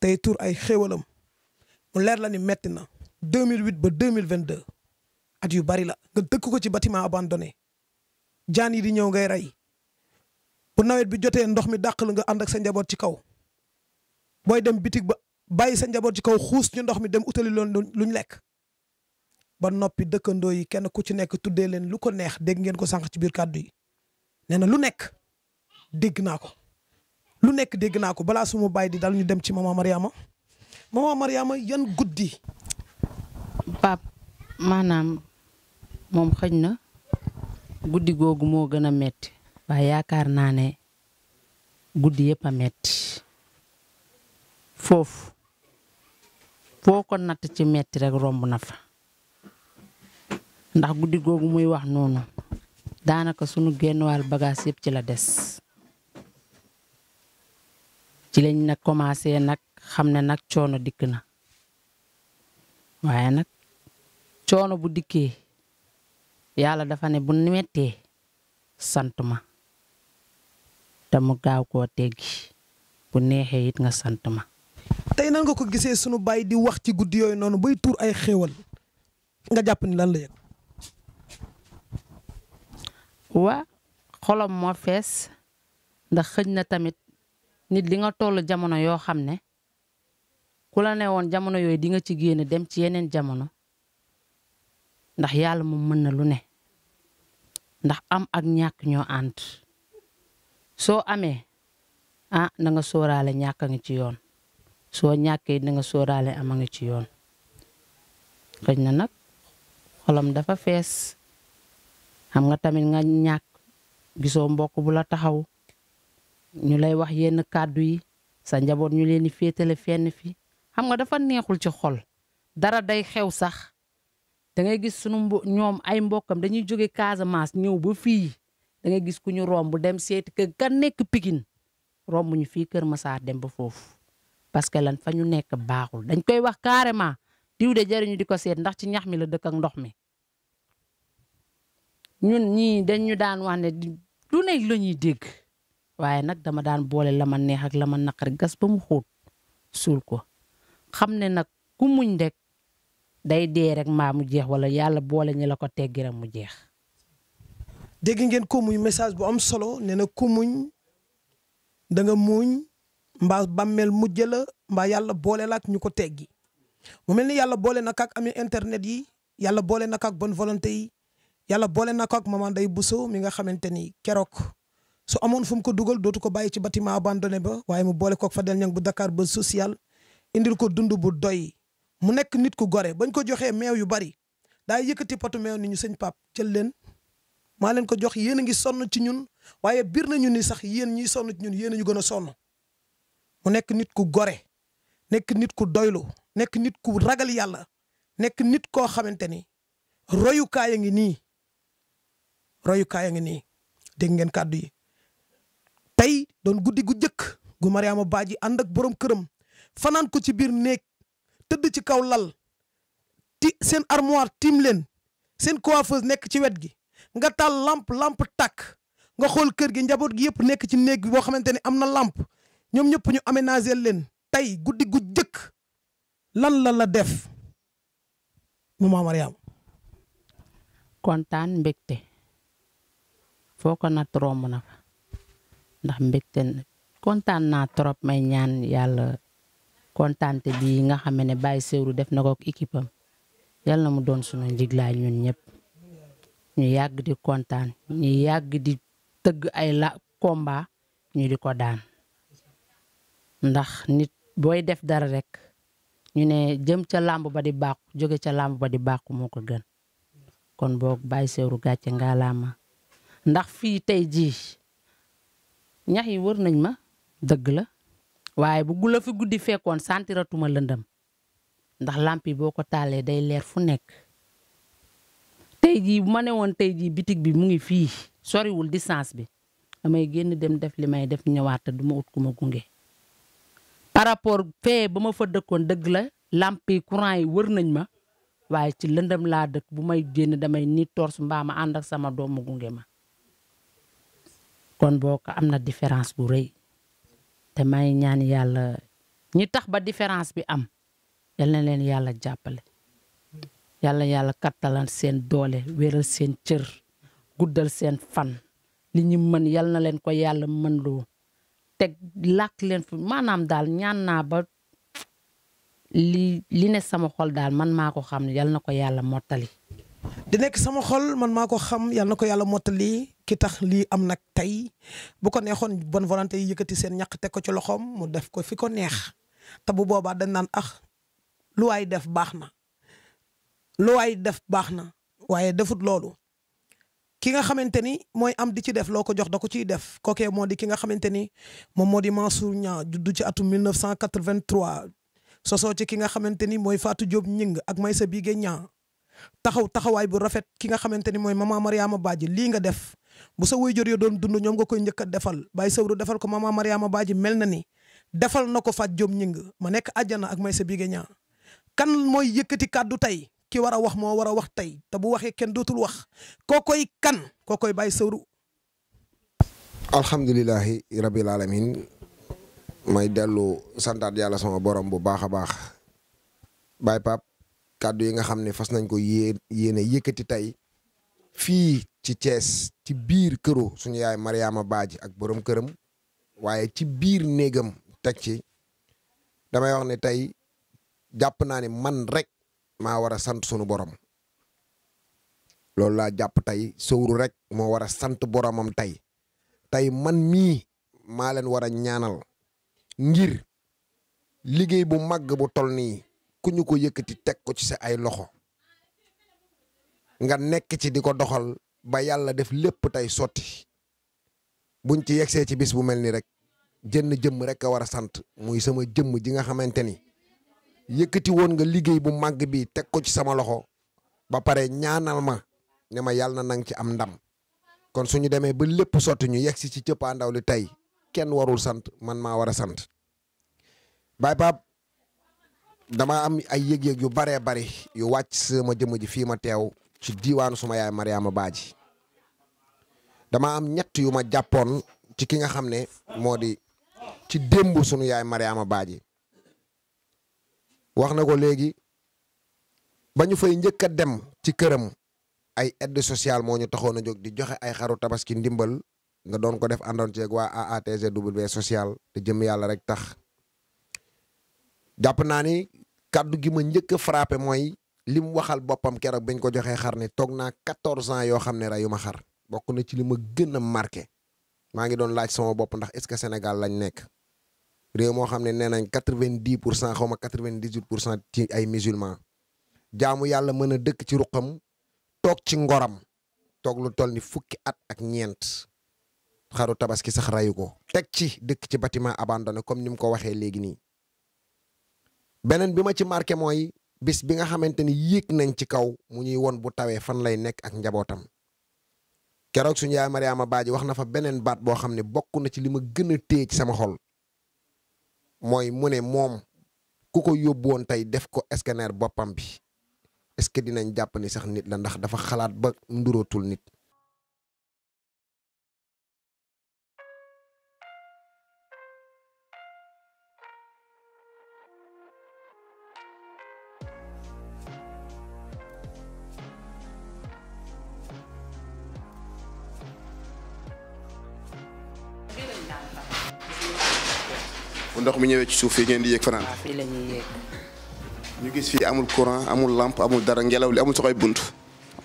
tey tuur ay xéewalam mu leer la ni metti na 2008 ba 2022 at yu bari la nga dëkk ko ci bâtiment abandonné jaan yi di ñëw ngay rey bu nawet bi jotee ndox mi daq la nga ànd ak sa njaboot ci kaw booy dem bitig ba bàyyi sa njaboot ci kaw xuus ñu ndox mi dem utali lu ñu lekk ba noppi dëkkandoo yi kenn ku ci nekk tuddee leen lu ko neex dégg ngeen ko sànq ci biir kàddu yi nee na lu nekk dégg naa ko lu nekk dégg naa ko balaa suma bàyyi di dal ñu dem ci mama Mariama mama Mariama yan guddi. pap maanaam moom xëj na guddi googu moo gën a metti waaye yaakaar naa ne guddi yëpp a metti foofu foo ko natt ci metti rek romb na fa ndax guddi googu muy wax noonu daanaka sunu genn wàll bagage yëpp ci la des ci lañ nag commencé nag xam ne nag coono dikk na waaye nag coono bu dikkee yàlla dafa ne bu mettee sant ma te mu gaaw koo teggi bu neexee yit nga sant ma. tey nan nga ko gisee sunu baay di wax ci guddi yooyu noonu bay tuur ay xéewal nga jàpp ni lan la yëg. waa xolom moo fees ndax xëj na tamit nit li nga toll jamono yoo xam ne kula newon jamono yoy di nga ci dem ci yenen jamono ndax yalla mo mën lu ne ndax am ak ñak ño ant so amé ah na nga sóoraale ñak a ci yoon so ñaké na nga sóoraale am nga ci yoon xëj na xolam dafa fess xam nga tamit nga ñak giso mbokk bu la taxaw ñu lay wax yenn kaddu yi sa njabot ñu leen fi xam nga dafa neexul ci xol dara day xew sax da ngay gis sunu mbo ñoom ay mbokkam dañuy jóge Casamance ñëw ba fii danga gis ku ñu romb dem seeti kër ka nekk Pikine romb ñu fii Kër Massar dem ba foofu parce que lan fa ñu nekk baaxul dañ koy wax carrément diw de jariñu di ko seet ndax ci ñax mi la dëkk ak ndox mi ñun ñii dañ ñu daan wax ne du ne la ñuy dégg waaye nag dama daan boole la ma neex ak la ma naqari gas ba mu xóot suul ko xam ne nag ku muñ day dee rek mbaa mu jeex wala yàlla boole ñi la ko teggiram mu jeex. dégg ngeen ko muy message bu am solo nee na ku muñ muñ mbaa bàmmeel mujj la mbaa yàlla boole la ak ñu ko teggi mu mel ni yàlla boole nag ak ami internet yi yàlla boole nag ak bonne volonté yi yàlla boole nag ak maman day Bousso mi nga xamante ni keroog su amoon fu mu ko dugal dootu ko bàyyi ci bâtiment abandonné ba waaye mu boole fa Fadel Niang bu dakaar ba social indil ko dund bu doy mu nit ku gore bañ ko joxee meew yu bari daa yëkkati potu meew ni ñu sëñ pap jël leen maa leen ko jox ngi sonn ci ñun waaye biir nañu ni sax yéen ñiy sonn ci ñun yéen ñu sonn mu nit ku gore nek nit ku doylu nek nit ku ragal yàlla nekk nit koo xamante ni royukaay a ngi nii royukaay a ngi nii dégg ngeen kàddu yi tey doon gu Mariama Baaji ak borom këram fanan ko ci bir nek teud ci kaw lal ti sen armoire tim len sen coiffeuse nek ci wet gi nga tal lampe lampe tak nga xol keur gi njabot gi yep nek ci nek bo xamanteni amna lampe ñom ñep ñu aménager len tay guddi gu lan la la def maman Mariam Kontan mbekté foko na nat romb na ndax mbekté kontan na trop may ñaan yalla kontante bi nga xam ne Baye Sewru def nako ak équipe am yal mu doon suñu njiglaay ñun ñep ñu di kontan, ñu yag di teug ay la combat ñu di ko daan ndax nit boy def dara rek ñu ne jëm ca lamb ba di bàqu jóge ca lamb ba di moko gën kon bok bay Sewru gàcce nga ndax fi tay ji ñax wër nañ ma deug la waaye bu gula fi guddi fekkoon santiratuma lëndëm ndax làmp yi boo ko taalee day leer fu nekk tey jii bu ma ne woon tey jii bitig bi mu ngi fii soriwul distance bi damay génn dem def li may def ñëwaat te du ma ut ku ma gunge par rapport fee ba ma fa dëkkoon dëgg la làmp yi yi wër nañ ma waaye ci lëndëm laa dëkk bu may génn damay ni tors mbaa ma ànd ak sama doom mu gunge ma kon boo ko am na différence bu rëy te may ñaan yàlla ñi tax ba différence bi am yal na leen yàlla jàppale yàlla yàlla kattalal seen doole wéral seen cër guddal seen fan li ñu mën yalla na leen ko yàlla mën loo teg làkk leen fu maanaam daal ñaan naa ba lii lii ne sama xol daal man maa ko xam ne yal na ko yàlla mottali di nek sama xol man mako ko xam yalla nako ko motali ki tax li am nak tay bu ko nexon bon volonté yëkëti seen ñak tek ko ci loxom mu def ko fi ko neex ta bu boba dañ nan ax ah, lu way def baxna lu way def baxna waye defut lolu ki nga xamanteni moy am di ci def loko ko jox dako ci def koke modi di ki nga xamanteni mom modi moo di Mansour ci atum 1983 soso ci ki nga xamanteni moy Fatou job ñing ak Maysa Bigué taxaw taxaway bu rafet ki nga xamanteni moy mama Mariama Badji li nga def bu sa waajur yo doon dund ñom nga koy ñëk defal bàyyi sawru defal ko mama Mariama Badji mel na ni defal nako fa jom ñing ma nek aljana ak may sa bigeña kan moy yëkëti kaddu tay ki wara wax mo wara wax tay ta bu waxe ken dootul wax kokoy kan kokoy sawru rabbil alamin may delu santat yalla sama borom bu baakha baax pap kaddu yi nga xamne ne fas nañ ko yene yéene tay fi ci ties ci biir këru suñu yaay Mariama Badji ak borom këram waye ci biir néegam tek ci damay wax ne tay japp na ne man rek ma wara sant sunu borom loolu la japp tay sowru rek mo wara sant boromam tay tay man mi ma len wara ñaanal ngir liggey bu mag bu tol ku ñu ko yëkkati teg ko ci sa ay loxo nga nekk ci di ko doxal ba yàlla def lépp tey sotti buñ ci yegsee ci bis bu mel ni rek jënn jëmm rek a war a sant muy sama jëmm ji nga xamante ni yëkkati woon nga liggéey bu màgg bi teg ko ci sama loxo ba pare ñaanal ma ne ma yàlla na nang ci am ndam kon su ñu demee ba lépp sotti ñu yegsi ci cëppaandaw li tey kenn warul sant man maa war a sant baay paap dama am ay yeg yeg yu bare bare yu wacc sama jëmm ji fii ma tew ci diwan suma yaay Mariama Baaji dama am ñett yu ma japon ci ki nga xamne ne di ci dembu sunu yaay Mariama Baaji wax ko léegi fay ñëk dem ci kërëm ay aide sociale mo ñu taxoon jog di joxe ay xaru tabaski ndimbal nga don ko def àndoon ceeg wa AATGW social te jëm yalla rek tax jàpp naa ni kaddu gi ma njëkk a frappé mooy li mu waxal boppam keroog bañ ko joxee xar ne toog naa 14 ans yoo xam ne rayu ma xar bokk na ci li ma gën a marqué maa ngi doon laaj sama bopp ndax est-ce que Sénégal lañ nekk réew moo xam ne nee nañ 90 pour cent xaw ma 98 pour cent ci ay musulmans jaamu yàlla mën a dëkk ci ruqam toog ci ngoram toog lu toll ni fukki at ak ñeent xaru tabaski sax reyu ko. teg ci dëkk ci bâtiment abandonné comme ni mu ko waxee léegi nii. beneen bi ma ci marqué mooy bis bi nga xamante ni yéeg nañ ci kaw mu ñuy won bu tawee fan lay nekk ak njabootam keroog suñu yaay Mariama Baaji wax na fa beneen baat boo xam ne bokk na ci li ma gën a téye ci sama xol mooy mu ne moom ku ko yóbbu woon tey def ko scanner boppam bi est-ce que dinañ jàpp ni sax nit la ndax dafa xalaat ba ndurootul nit ndox mi ñëwee ci suuf fii ngeen di yéeg fanaan. waaw ah, fii la ñuy yéeg. ñu gis fii amul courant amul làmp amul dara ngelaw li amul sax bunt.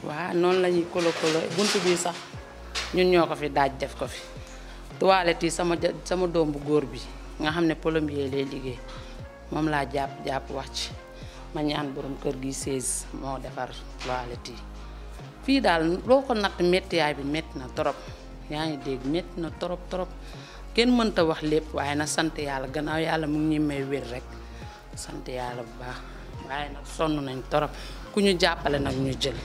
waa noonu la ñuy kolo kolo bunt bi sax ñun ñoo ko fi daaj def ko fi toilette yi sama sama doom bu góor bi nga xam ne plombier lay liggéey moom laa jàpp jàpp wax ci ma ñaan borom kër gi 16 moo defar toilette yi fii daal loo ko natt méttiyaay bi metti na trop yaa ngi dégg na trop trop. kenn mënta wax lepp waye nag sante yalla gannaaw yalla mu ngi may wër rek sante yalla bu baax waye nak sonu nañ torop ku ñu jappalé nak ñu jël.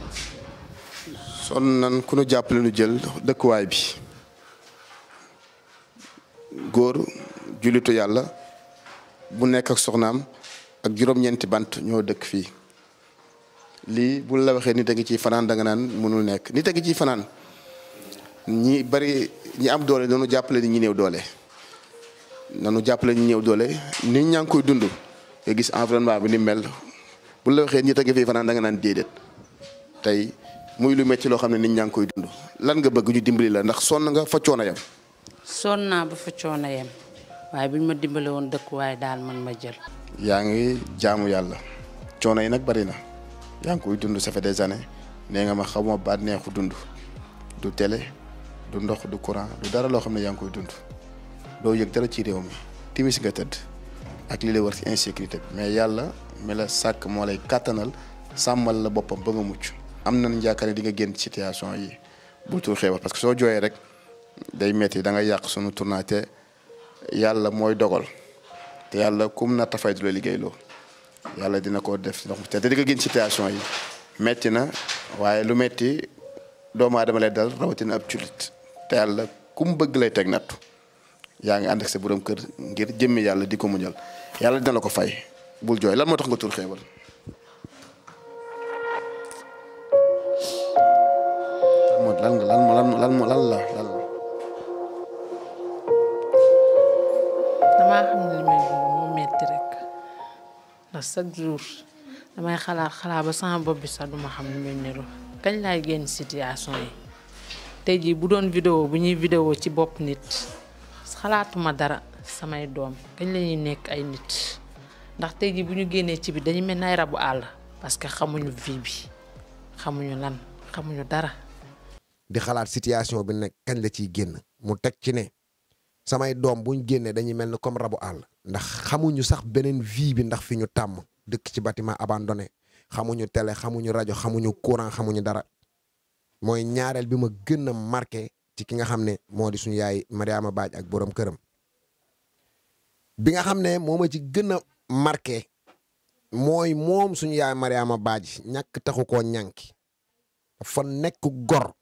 son nañ ku ñu jappalé ñu jël way bi gor julitu yalla bu nekk ak soxnam ak juroom ñeenti bant ñoo dekk fi li bu la ni da nga ci fanan da nga nan mënul nekk ni ñi bari ñi am doole nanu jàppale ni ñi néew doole nanu jàppale ñi néew doole nit ñaa ngi koy dund nga gis environnement bi ni mel bu la waxee ñi a ngi fanaan da naan déedéet tey muy lu metti loo xam ne nit ñaa ngi koy dund lan nga bëgg ñu dimbali la ndax sonn nga fa coono yem sonn naa ba fa coono yem waaye bu ñu ma dimbale woon dëkkuwaay daal man ma jël yaa ngi jaamu yàlla coono yi nag bari na yaa koy dund ça fait des années nee nga ma xaw ma baat neexu dund du télé du ndox du courant du dara loo xam ne yaa ngi koy dund doo yëg dara ci réew mi timis nga tëdd ak li lay war ci insécurité bi mais yàlla mi la sàkk moo lay kàttanal sàmmal la boppam ba nga mucc am na yaakaar ne di nga génn situation yi bul tuur xeebal parce que soo jooyee rek day metti da nga yàq sunu tournaate yàlla mooy dogal te yàlla kum na tafay du la liggéey loo yàlla dina ko def ndox te di nga génn situation yi metti na waaye lu metti doomu aadama lay dal rawatina te yàlla kum bëgg lay tek nattu yaa ngi ànd ak sa borom kër ngir jëmme yàlla di ko muñal yàlla dina la ko fay bul jooy lan moo tax nga tur xéewal lan nga lan lan lan lan la lan la. damaa xam ne li may moo metti rek na chaque jour damay xalaat xalaat ba sama bopp bi sax duma xam ne may niru kañ lay génn situation yi. tey jii bu doon vidéo bu ñuy vidéo ci bopp nit xalaatuma dara samay doom kañ la nekk ay nit ndax tey jii bu ñu génnee ci bi dañu mel nay rabu àll parce que xamuñu vie bi xamuñu lan xamuñu dara. di xalaat situation bi nag kañ la ciy génn mu teg ci ne samay doom buñ génnee dañuy mel ni comme rabu àll. ndax xamuñu sax beneen vie bi ndax fi ñu tàmm dëkk ci bâtiment abandonné xamuñu tele xamuñu rajo xamuñu courant xamuñu dara. mooy ñaareel bi ma gën a marqué ci ki nga xam ne moo di suñu yaay Mariama Baaj ak borom këram bi nga xam ne moo ma ci gën a marqué mooy moom suñu yaay Mariama Baaj ñàkk taxu ko ñànki dafa nekk gor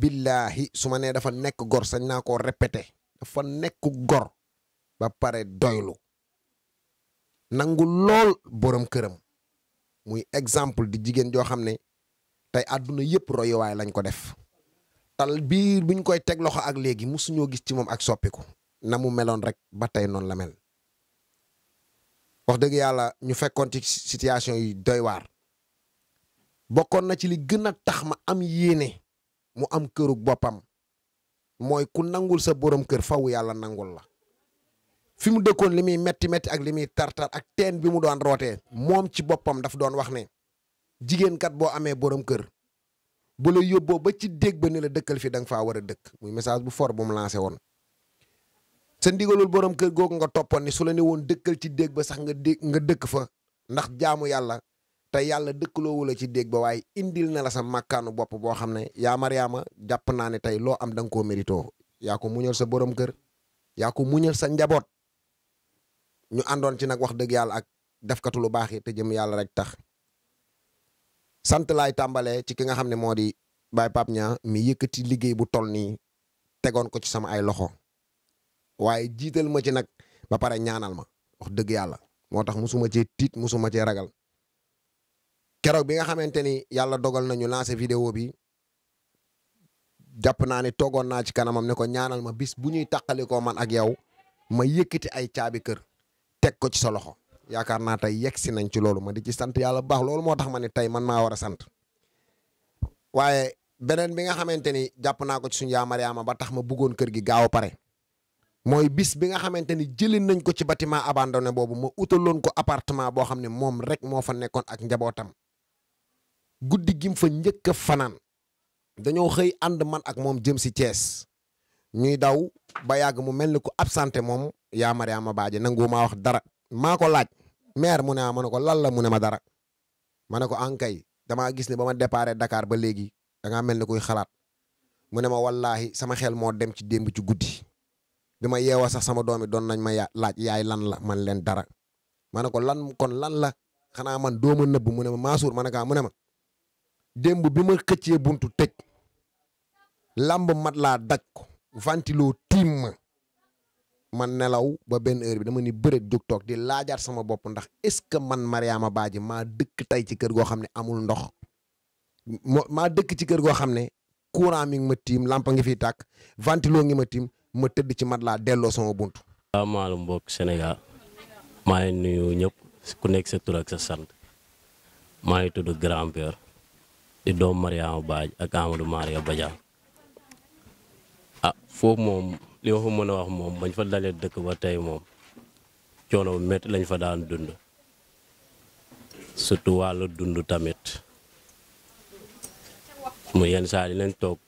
billaahi su ma nee dafa nekk gor sañ naa ko répété dafa nekk gor ba pare doylu nangu lool borom këram muy exemple di jigéen joo xam ne tey àdduna yëpp royuwaay lañ ko def tal bi buñ koy teg loxo ak léegi mosuñoo gis ci moom ak soppiku na mu meloon rek ba tey noonu la mel wax dëgg yàlla ñu fekkoon ci situation yi doy waar bokkoon na ci li gën a tax ma am yéene mu am kërug boppam mooy ku nangul sa borom kër faw yàlla nangul la fi mu dëkkoon li muy metti metti ak li muy tartar ak teen bi mu doon rootee moom ci boppam daf doon wax ne jigéenkat boo amee borom kër bu la yóbboo ba ci dégg ba ni la dëkkal fi da nga faa war a dëkk muy message bu for bu mu lancé woon. sa ndigalul borom kër googu nga toppoon ni su la ne woon dëkkal ci dégg ba sax nga dé nga dëkk fa ndax jaamu yàlla tey yàlla dëkkaloowu la ci dégg ba waaye indil na la sa makkaanu bopp boo xam ne yaa Mariama jàpp naa ne tey loo am da nga koo mérito yaa ko muñal sa borom kër yaa ko muñal sa njaboot ñu àndoon ci nag wax dëgg yàlla ak defkatu lu baax te jëm yàlla rek tax. sant laay tàmbalee ci ki nga xam ne moo di Baye Pape Niang mi yëkkati liggéey bu toll nii tegoon ko ci sama ay loxo waaye jiital ma ci nag ba pare ñaanal ma wax dëgg yàlla moo tax musuma ci tiit musuma cee ragal keroog bi nga xamante ni yàlla dogal nañu lancé vidéo bi jàpp naa ne toogoon naa ci kanamam ne ko ñaanal ma bis bu ñuy tàqalikoo man ak yow ma yëkkati ay caabi kër teg ko ci sa loxo Ya naa tey yegg si nañ ci lolu ma di ci sante yalla bax lolu motax mané tay ma man ma wara sante waye benen bi nga xamanteni japp na ko ci sun ya Mariama ba tax ma bëggoon kër gi gaaw paré pare bis bi nga xamanteni jëlin nañ ko ci bâtiment abandonné boobu ma utaloon ko appartement bo xamné mom rek mo fa nekkon ak njabotam guddi gim fa njëkk a fanaan xey and man ak mom jëm ci Thiès ñuy daw ba yag mu melni ko absenté mom ya Mariama baaje nanguma wax dara maa ko laaj maire mu ne ma ne ko lan la mu ne ma dara ma ne ko ankay damaa gis ne ba ma déparé Dakar ba léegi da mel ni kuy xalaat mu ne ma wallaahi sama xel moo dem ci démb ci guddi bi ma yeewa sax sama doom yi doon nañ ma ya laaj yaay lan la man leen dara ma ne ko lan kon lan la xanaa man doo ma nëbb mu ne ma Mansour ma ne ko mu ne ma démb bi ma xëccee buntu tëj lamb mat laa daj ko ventilo tiim ma nelaw ba ben heure bi dama ni bëreet jug tok di lajar sama bop ndax est-ce que man Mariama Badji ma dekk tay ci keur go xamne amul ndox ma dekk ci keur go xamne courant mi ngi ma tim lampa ngi fi tak ventilo ngi ma tim ma teud ci mat laa delloo sama bunt. maalum mbokk senegal ma ngi nuyu ñep ku nek sa tour ak sa sante ma ngi tuddu Grand Père di dom Mariama Badji ak Amadou Maria Badiane ah fo mom li ma mën a wax moom bañ fa dalee dëkk ba tey moom coono bu métti lañ fa daan dund surtout wàllu dund tamit mu yenn saa di dinañ toog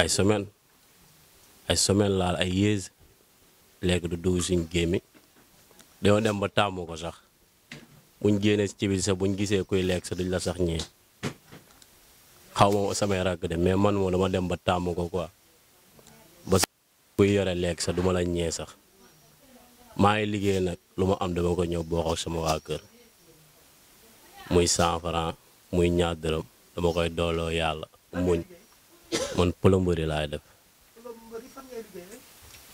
ay semaine ay semaine laal ay yées lekk du dugg suñ gémmi dañoo dem ba tàmmu ko sax buñ génnee ci biir sax buñ gisee koy lekk sax duñ la sax ñee xaw ma samay ragg de mais man moom dama dem ba tàmm ko quoi kuy yore lekk sax duma la ñee sax maa ngi liggéey nag lu ma am dama ko ñëw bokk ak sama waa kër muy cent muy ñaar dërëm dama koy dooloo yàlla muñ man plomberie laay def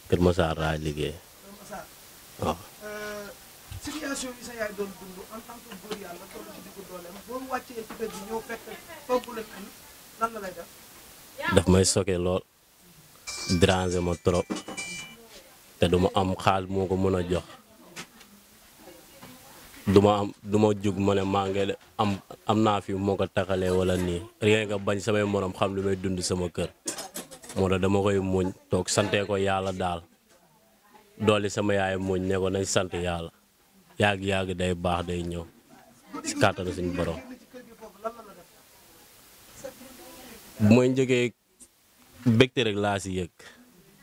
Kër may soke lool. déranger ma trop te du ma am xaal moo ko mën a jox duma am du ma jug ma ne maa ngi am am naa fi moo ko taxalee wala nii rien que bañ samay moroom xam lu may dund sama kër moo tax dama koy muñ toog santee ko yàlla daal dooli sama yaay muñ ne ko nañ sant yàlla yàgg-yàgg day baax day ñëw si kàttanu suñu borom bu may njëkkee bégte rek laa si yég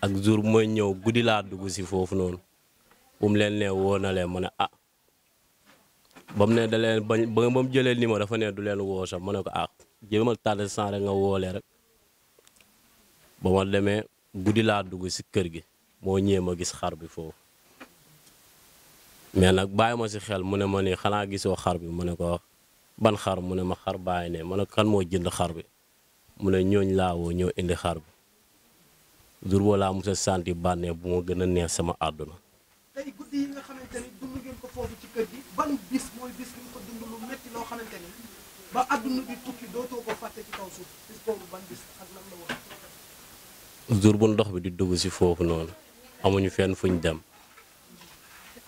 ak jur mooy ñëw guddi laa dugg si foofu noonu bu mu leen nee woo na leen ma ne ah ba mu ne da leen ba mu jëlee ma dafa nee du leen woo sax ma ne ko ah jéem a tardé sans rek nga woolee rek ba ma demee guddi laa dugg si kër gi moo ñëwee ma gis xar bi foofu mais nag bàyyi ma si xel mu ne ma ni xanaa gisoo xar bi ma ne ko ban xar mu ne ma xar bàyyi ne ma ne kan moo jënd xar bi. mu ne ñooñ laawoo ñoo indi xar bi jur boo laa mos a santi bànneex bu ma gën a neex sama àdduna. tey guddi yi nga xamante ni dund ngeen ko foofu ci kër gi ban bis mooy bis bi ko dund lu metti loo xamante ni ba àdduna bi tukki dootoo ko fàtte ci kaw suuf bis boobu ban bis ak lan la woon. jur bu ndox bi di dugg si foofu noonu amuñu fenn fuñ dem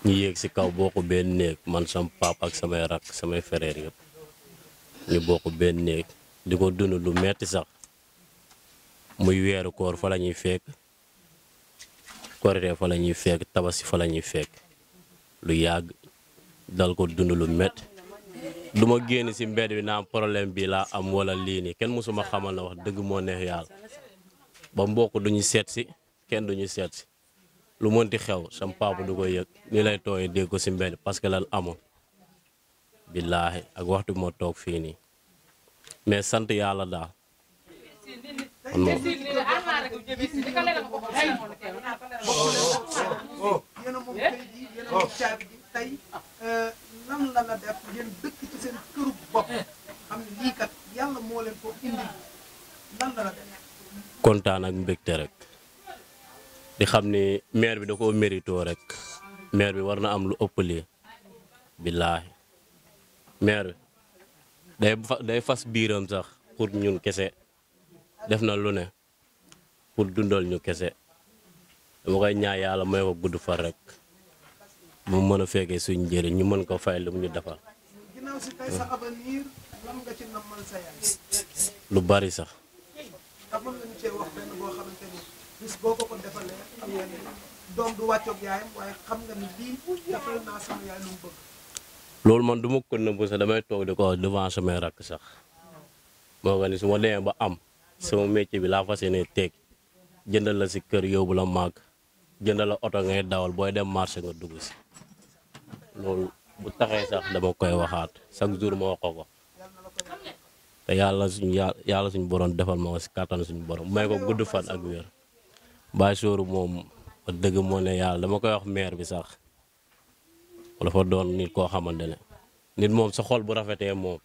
ñu yéeg si kaw bokk benn néeg man sam pap ak samay rak samay frère yëpp ñu bokk benn néeg. di ko dund lu metti sax muy weeru koor fa la ñuy fekk korite fa la ñuy fekk tabasi fa la ñuy fekk lu yàgg dal ko dund lu metti duma génn si mbedd bi naa am bi laa am wala lii nii kenn mësuma xamal na wax dëgg moo neex yàlla ba mbokk duñu seet si kenn duñu seet si lu mënti xew sam papa du ko yëg ni lay tooyee dégg ko si mbedd parce que lan amoon billaahi ak waxtu moo toog fii nii mais sant yàlla daal. tey nan la la def ngeen dëkk ci seen këru bopp xam ne lii yàlla moo leen ko indi kontaan ak mbégte rek di xam ni maire bi da koo mérito rek maire bi war na am lu ëpp lii billaahi maire bi day day fas biiram sax pour ñun kese def na lu ne pour dundal ñu kese dama koy ñaan yàlla mooy ko gudd far rek mu mën a fekkee suñu njëriñ ñu mën ko fay lu mu ñu defal. lu bari sax. loolu man du ma ko nëbb sax damay toog di ko devant samay rakk sax moo nga ni su ma demee ba am sama métier bi laa fas yéene teg jëndal la si kër yóbbu la màgg jëndal la oto ngay dawal booy dem marché nga dugg si loolu bu taxee sax dama koy waxaat chaque jour ma wax ko ko yàlla suñ yàlla suñu borom defal ma si kàttan suñu borom may ko gudd fan ak wér Baye Sourou moom dëgg moo ne yàlla dama koy wax maire bi sax dafa doon nit koo xamante ne nit moom sa xol bu rafetee moom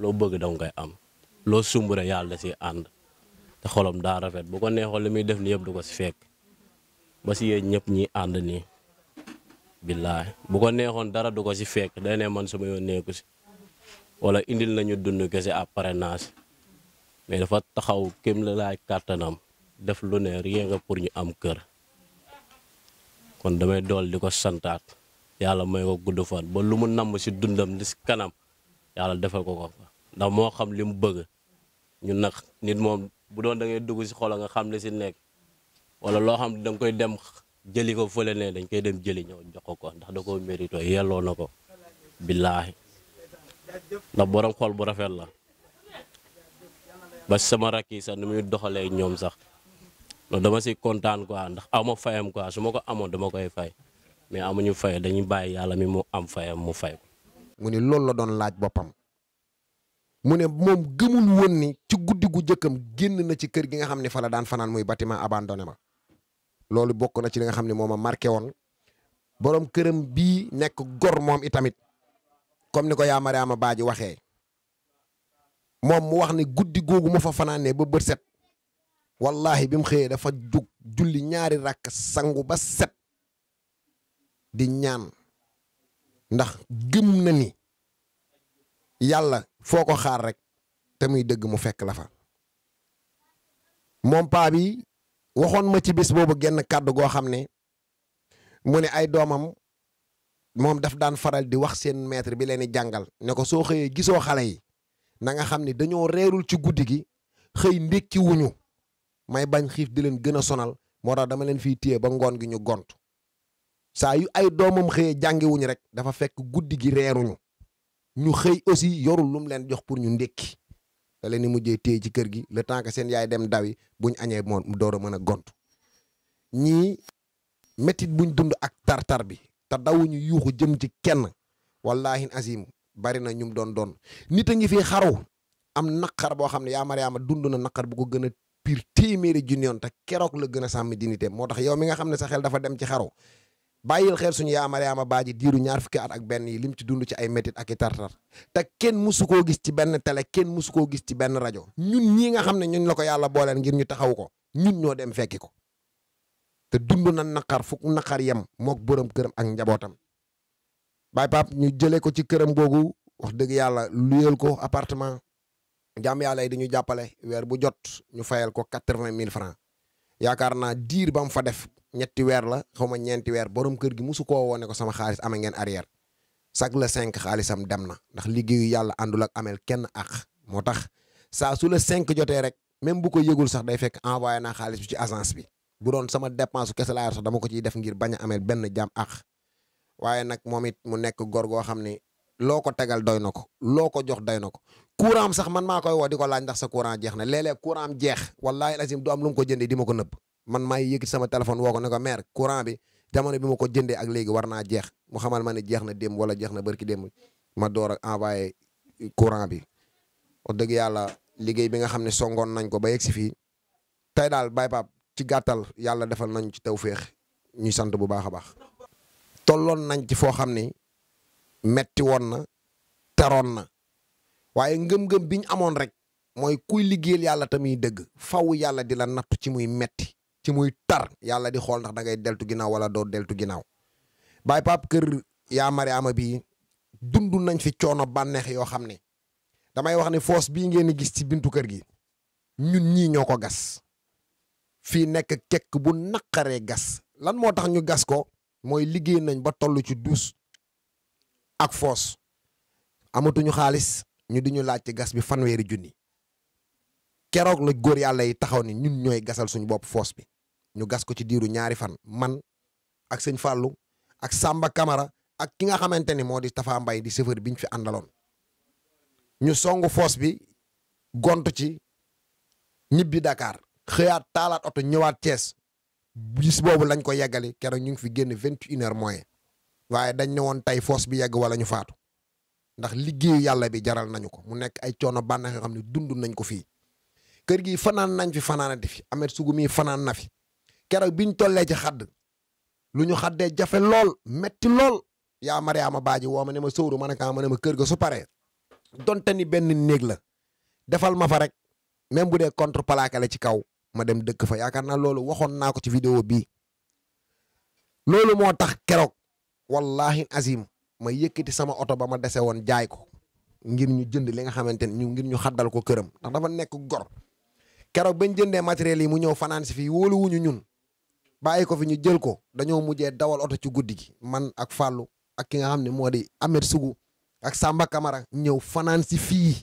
loo bëgg da nga koy am loo sumbure yàlla da siy ànd te xolam daa rafet bu ko neexoon li muy def ni yëpp du ko si fekk ba si yéen ñëpp ñiy ànd nii billaay bu ko neexoon dara du ko si fekk day ne man sama yoon neeku si wala indil nañu dund kese après naas mais dafa taxaw kem la laay kàttanam def lu ne rien pour ñu am kër kon damay dool di ko santaat yàlla may ko gudd fan ba lu mu nam si dundam li si kanam yàlla defal ko ko ndax moo xam li mu bëgg ñun nag nit moom bu doon da ngay dugg si xolo nga xam li si nekk wala loo xam da koy dem jëli ko fële ne dañ koy dem jëli ñëw jox ko ko ndax da koo mérito yelloo na ko billaahi ndax borom bu rafet la ba sama rakk yi sax ni muy doxalee ñoom sax dama si kontaan quoi ndax aw ma fayam quoi su ma ko amoon dama koy fay mais amuñu fay dañu bàyyi yàlla mi mu am fayam mu fay ko. mu ne loolu la doon laaj boppam mu ne moom gëmul woon ni ci guddi gu jëkkam génn na ci kër gi nga xam ne fala daan fanaan muy bâtiment abandonné ma loolu bokk na ci li nga xam ne moom a marqué woon borom këram bii nekk gor moom itamit comme ni ko yaa Mariama Baaji waxee moom mu wax ne guddi googu ma fa fanaanee ba bët set wallahi bi mu xëyee dafa jug julli ñaari rakk sangu ba set di ñaan ndax gëm na ni yàlla foo ko xaar rek te muy dëgg mu fekk la fa moom paa bi waxoon ma ci bis boobu genn kàddu goo xam ne mu ne ay doomam moom daf daan faral di wax seen maître bi leen di jàngal ne ko soo xëyee gisoo xale yi na nga xam ni dañoo reerul ci guddi gi xëy ndékki wuñu may bañ xiif di leen gën a sonal moo tax dama leen fiy téye ba ngoon gi ñu gont saa yu ay doomam xëyee jàngiwuñu rek dafa fekk guddi gi reeruñu ñu xëy aussi yorul lum leen jox pour ñu ndékki la leen ni mujjee téye ci kër gi le temps que seen yaay dem dawi buñ añee moom door a mën a gont ñii métit buñ dund ak tartar bi te dawuñu yuuxu jëm ci kenn wallahi azim bari na ñum doon doon nit a ngi fi xaru am naqar boo xam ne yaa Mariama dund na naqar bu ko gën a pire téeméeri junniyoon te keroog la gën a sàmm dignité moo tax yow mi nga xam ne sa xel dafa dem ci xaru bàyyil xel suñu yaa Mariama Baaji diiru ñaar fukki at ak benn yi lim ci dund ci ay métit ak i tartar te kenn musu koo gis ci benn tele kenn musu koo gis ci benn rajo ñun ñii nga xam ne ñun la ko yàlla booleen ngir ñu taxaw ko ñun ñoo dem fekki ko te dund na naqar fuk naqar yem mook borom këram ak njabootam baay pap ñu jëlee ko ci këram googu wax dëgg yàlla luyeel ko appartement jàmm yàlla yi dañu jàppale weer bu jot ñu fayal ko quatre-vingt mille francs yaakaar naa diir ba mu fa def ñetti weer la xaw ma ñeenti weer borom kër gi musu koo woone ko sama xaalis ama ngeen arrière sag la cinq xaalisam dem na ndax liggéeyu yàlla àndul ak ameel kenn ak moo tax saa su la cinq jotee rek même bu ko yëgul sax day fekk envoyé naa xaalis bi ci agence bi bu doon sama dépense su kese laa yor sax dama ko ciy def ngir bañ a benn jàmm ak waaye nag moom it mu nekk góor goo xam ne loo ko tegal doy na ko loo ko jox doy na ko courant am sax man maa koy woo di ko laaj ndax sa courant na léeg-léeg courant am jeex wallaahi lazim du lu mu ko jëndee di ma ko nëbb man maay yëkkati sama téléphone woo ko ne ko maire courant bi jamono bi ma ko jëndee ak léegi war naa jeex mu xamal ma ne jeex na démb wala jeex na barki démb ma door ak envoyé courant bi dëgg yàlla liggéey bi nga xam ne songoon nañ ko ba yegg si fii tey daal Baye Pape ci gàttal yàlla defal nañ ci feex ñu sant bu baax a baax. tolloon nañ ci foo xam ni metti woon na teroon na waaye ngëm-ngëm bi amoon rek mooy kuy liggéeyal yàlla tamit dëgg faw yàlla di la nattu ci muy metti ci muy tar yàlla di xool ndax da ngay deltu ginnaaw wala doo deltu ginnaaw Baye Pape kër yaa Mariama bi dund nañ fi coono bànneex yoo xam ne damay wax ne foos bii ngeen gis ci bintu kër gi ñun ñii ñoo ko gas fii nekk kekk bu naqaree gas lan moo tax ñu gas ko mooy liggéey nañ ba toll ci duus ak foos amatuñu xaalis ñu di ñu laaj ci gas bi fanweeri junni keroog la góor yàlla yi taxaw ni ñun ñooy gasal suñu bopp foos bi ñu gas ko ci diiru ñaari fan man ak sëñ Fallou ak sàmba Camara ak ki nga xamante ni moo di Tafa mbay di chauffeur bi ñu fi àndaloon ñu songu foos bi gont ci ñibbi dakaar xëyaat taalaat oto ñëwaat Thiès bis boobu lañ ko yeggali keroog ñu ngi fi génn vingt une heure moyen waaye dañ ne woon tey foos bi yegg wala ñu faatu ndax liggéeyu yàlla bi jaral nañu ko mu nekk ay coono bànneex yoo xam ne dund nañ ko fii kër gi fanaan nañ fi fanaanati fi Amet Sugu mi fanaan na fi keroog biñ tollee ci xadd lu ñu xaddee jafe lool metti lool yaa Mariama Baaji woo ma ne ma sóoru ma ne kaa ah, ne ma kër ga su paree donte ni benn néeg la defal ma fa rek même bu dee contre plaqué la ci kaw ma dem dëkk fa yaakaar naa loolu waxoon naa ko ci vidéo bii loolu moo tax keroog wallahi azim ma yëkkati sama oto ba ma dese woon jaay ko ngir ñu jënd li nga xamante ni ñu ngir ñu xaddal ko këram ndax dafa nekk gor keroog bañ jëndee matériel yi mu ñëw fanaan si fii wóoluwuñu ñun bàyyi ko fi ñu jël ko dañoo mujjee dawal oto ci man ak Fallou ak ki nga xam ne moo Sugu ak Samba Camara nyu fanaan fi fii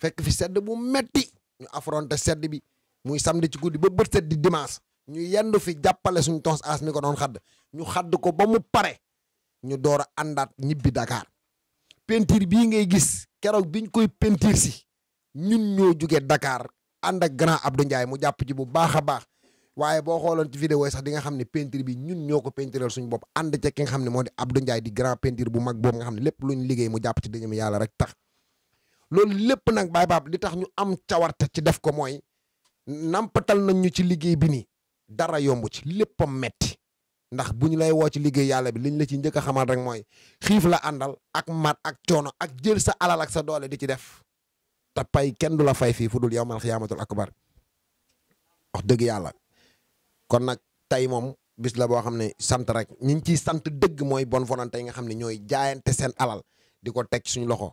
fekk fi sedd bu metti ñu affronté sedd bi muy samedi ci guddi ba bët sedd di dimanche ñu yendu fi jàppale suñu tons as mi ko doon xadd ñu ko ba mu pare ñu door a ñibbi Dakar peinture bi ngay gis keroog biñ koy peinture si ñun ñoo jugee Dakar ànd ak grand Abdou Ndiaye mu jàpp ci bu baax baax waaye boo xooloon ci vidéo woy sax di nga xam ne peinture bi ñun ñoo ko peintureel suñu bopp ànd ca ki nga xam ne moo di Abdou Ndiaye di grand peinture bu mag boobu nga xam ne lépp luñ liggéey mu jàpp ci dëñëm yàlla rek tax loolu lépp nag baay baab li tax ñu am cawarte ci def ko mooy nampatal nañ ñu ci liggéey bi nii dara yomb ci lépp a metti ndax bu ñu lay woo ci liggéey yàlla bi liñ la ci njëkk a xamal rek mooy xiif la àndal ak mat ak coono ak jël sa alal sa doole di ci def te pay kenn du la fay fii fu dul yow mal xiyaamatul akbar wax dëgg yàlla kon nag tey moom bis la boo xam ne sant rek ñi ngi ciy sant dëgg mooy bonne volonté yi nga xam ne ñooy jaayante seen alal di ko teg suñu loxo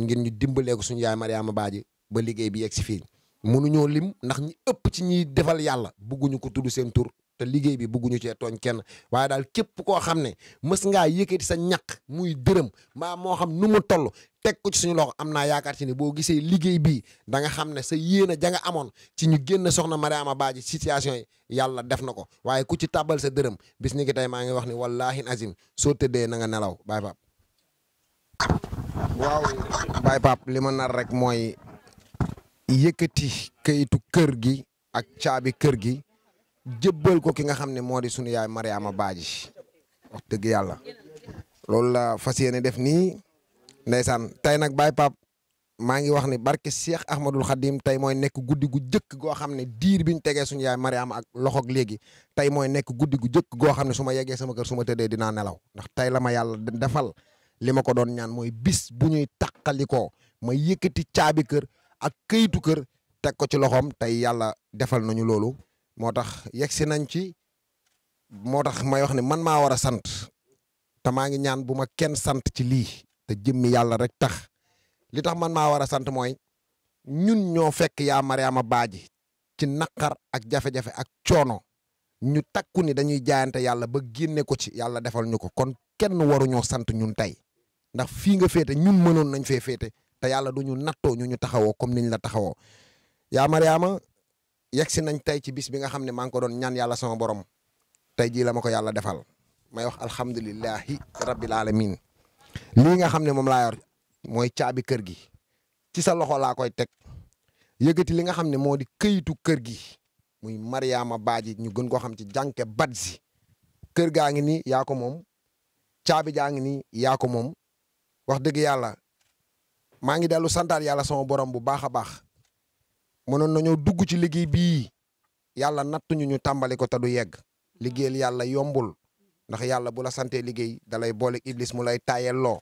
ngir ñu dimbalee ko suñu yaay Mariama Baaji ba liggéey bi yegg si fii mënuñoo lim ndax ñi ëpp ci ñiy defal yàlla bugguñu ko tudd seen tur te liggéey bi bugguñu cee tooñ kenn waaye daal képp koo xam ne mës ngaa yëkkati sa ñaq muy dërëm mbaa moo xam nu mu toll teg ko ci suñu loxo am naa yaakaar ci ni boo gisee liggéey bi danga nga xam ne sa yéene ja nga amoon ci ñu génn soxna a Baaji situation yi yàlla def na ko waaye ku ci tàbbal sa dërëm bis ni ki tey maa ngi wax ni wallaahi azim soo tëddee na nga nelaw baay pap waaw baay pap li ma nar rek mooy yëkkati kayitu kër gi ak caabi kër gi jébbal ko ki nga xamne modi sunu yaay Mariama Baaji wax deug yalla loolu la fasiyene def ni ndaysan tay nak Baye pap ma ngi wax ni barke Cheikh Ahmadul Khadim tay neku nek guddi gu jeuk go xamne ne diir bi ñu tegee yaay Mariama ak ak legi tay moy nek guddi gu jeuk go xamne suma yegge sama keur suma tede dina nelaw ndax tay lama yalla defal lima ko don ñaan moy bis buñuy takaliko kali ma yëkkati ciabi keur ak keuytu keur tek ko ci loxom tay yalla defal nañu lolou moo tax yegg si nañ ci moo tax may wax ne man maa war a sant te maa ngi ñaan bu ma kenn sant ci lii te jëmmi yàlla rek tax li tax man maa war a sant mooy ñun ñoo fekk yaa Mariama Baaji ci naqar ak jafe-jafe ak coono ñu takku ni dañuy jaayante yàlla ba génne ko ci yàlla defal ñu ko kon kenn waruñoo sant ñun tey ndax fii nga féete ñun mënoon nañ fee féete te yàlla du ñu nattoo ñu ñu taxawoo comme niñ la taxawoo yaa Mariama Yaksi nañ tay ci bis bi nga xamne ne ngi ko don ñaan yalla sama borom tay ji lama ko yalla defal may wax alhamdulilahi rabbil alamin li nga xamne mom la yor moy ciabi kër gi ci sa loxo la koy tek yëkkati li nga xamne modi keuyitu di kër gi muy maryama baaji ñu gën ko xam ci janké badzi kër gaangi ni ya ko mom ciabi jaangi ni ya ko mom wax deug yalla ma ngi yalla sama borom bu baax mënoon nañoo dugg ci liggéey bii yàlla nattuñu ñu tàmbali ko te du yegg liggéeyal yàlla yombul ndax yàlla bu la santee liggéey dalay boole iblis mu lay taayelloo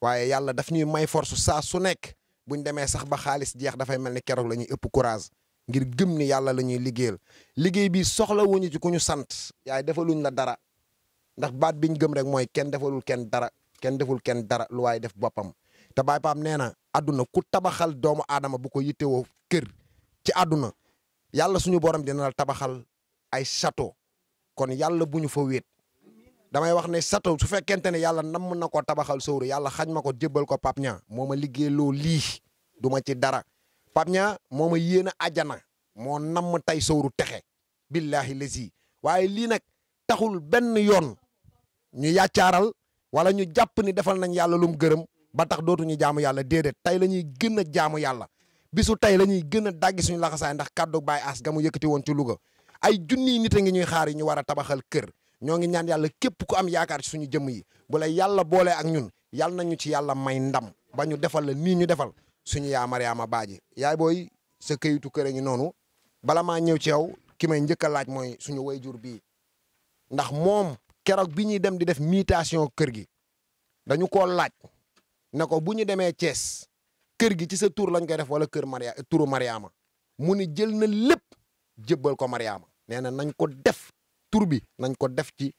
waaye yàlla daf ñuy may force saa su nekk ñu demee sax ba xaalis jeex dafay mel ni keroog la ñuy ëpp courage ngir gëm ni yàlla la ñuy liggéeyal liggéey bi soxla wuñu ci ku ñu sant yaay defaluñ la dara ndax baat biñ gëm rek mooy kenn defalul kenn dara kenn deful kenn dara lu waaye def boppam te baay paam nee na àdduna ku tabaxal doomu aadama bu ko yittewoo kër ci àdduna yàlla suñu borom dina la tabaxal ay chato kon yàlla bu ñu fa wéet damay wax ne château su fekkente ne yàlla nam na ko tabaxal sowru yàlla xañ ma ko jébbal ko Pape moo ma liggéey loo lii duma ci dara Pape Niang moo ma yéen a àjjana moo namm tey sowru texe billahi lazi waaye lii nag taxul benn yoon ñu yàccaaral walla ñu jàpp ni defal nañ yàlla lu mu gërëm ba tax dootuñu jaamu yàlla déedéet tey la ñuy gën a jaamu yàlla bisu tey la ñuy gën a dàggi suñu laxasaay ndax kàddu Baye Ass ga mu yëkkati woon ci Louga ay junni nit a ngi ñuy xaar yi ñu war a tabaxal kër ñoo ngi ñaan yàlla képp ku am yaakaar ci suñu jëmm yi bu la yàlla boolee ak ñun yàlla nañu ci yàlla may ndam ba ñu defal la nii ñu defal suñu yaa Mariama Baaji yaay booy sa këyitu kër a ngi noonu bala maa ñëw ci yow ki may njëkk a laaj mooy suñu wayjur bii ndax moom keroog bi ñuy dem di def mutation kër gi dañu koo laaj ne ko bu ñu demee Thiès kër gi ci sa tuur lañ koy def wala kër Maria turu mu ni jël na lépp jébbal ko Mariama nee na nañ ko def tur bi nañ ko def ci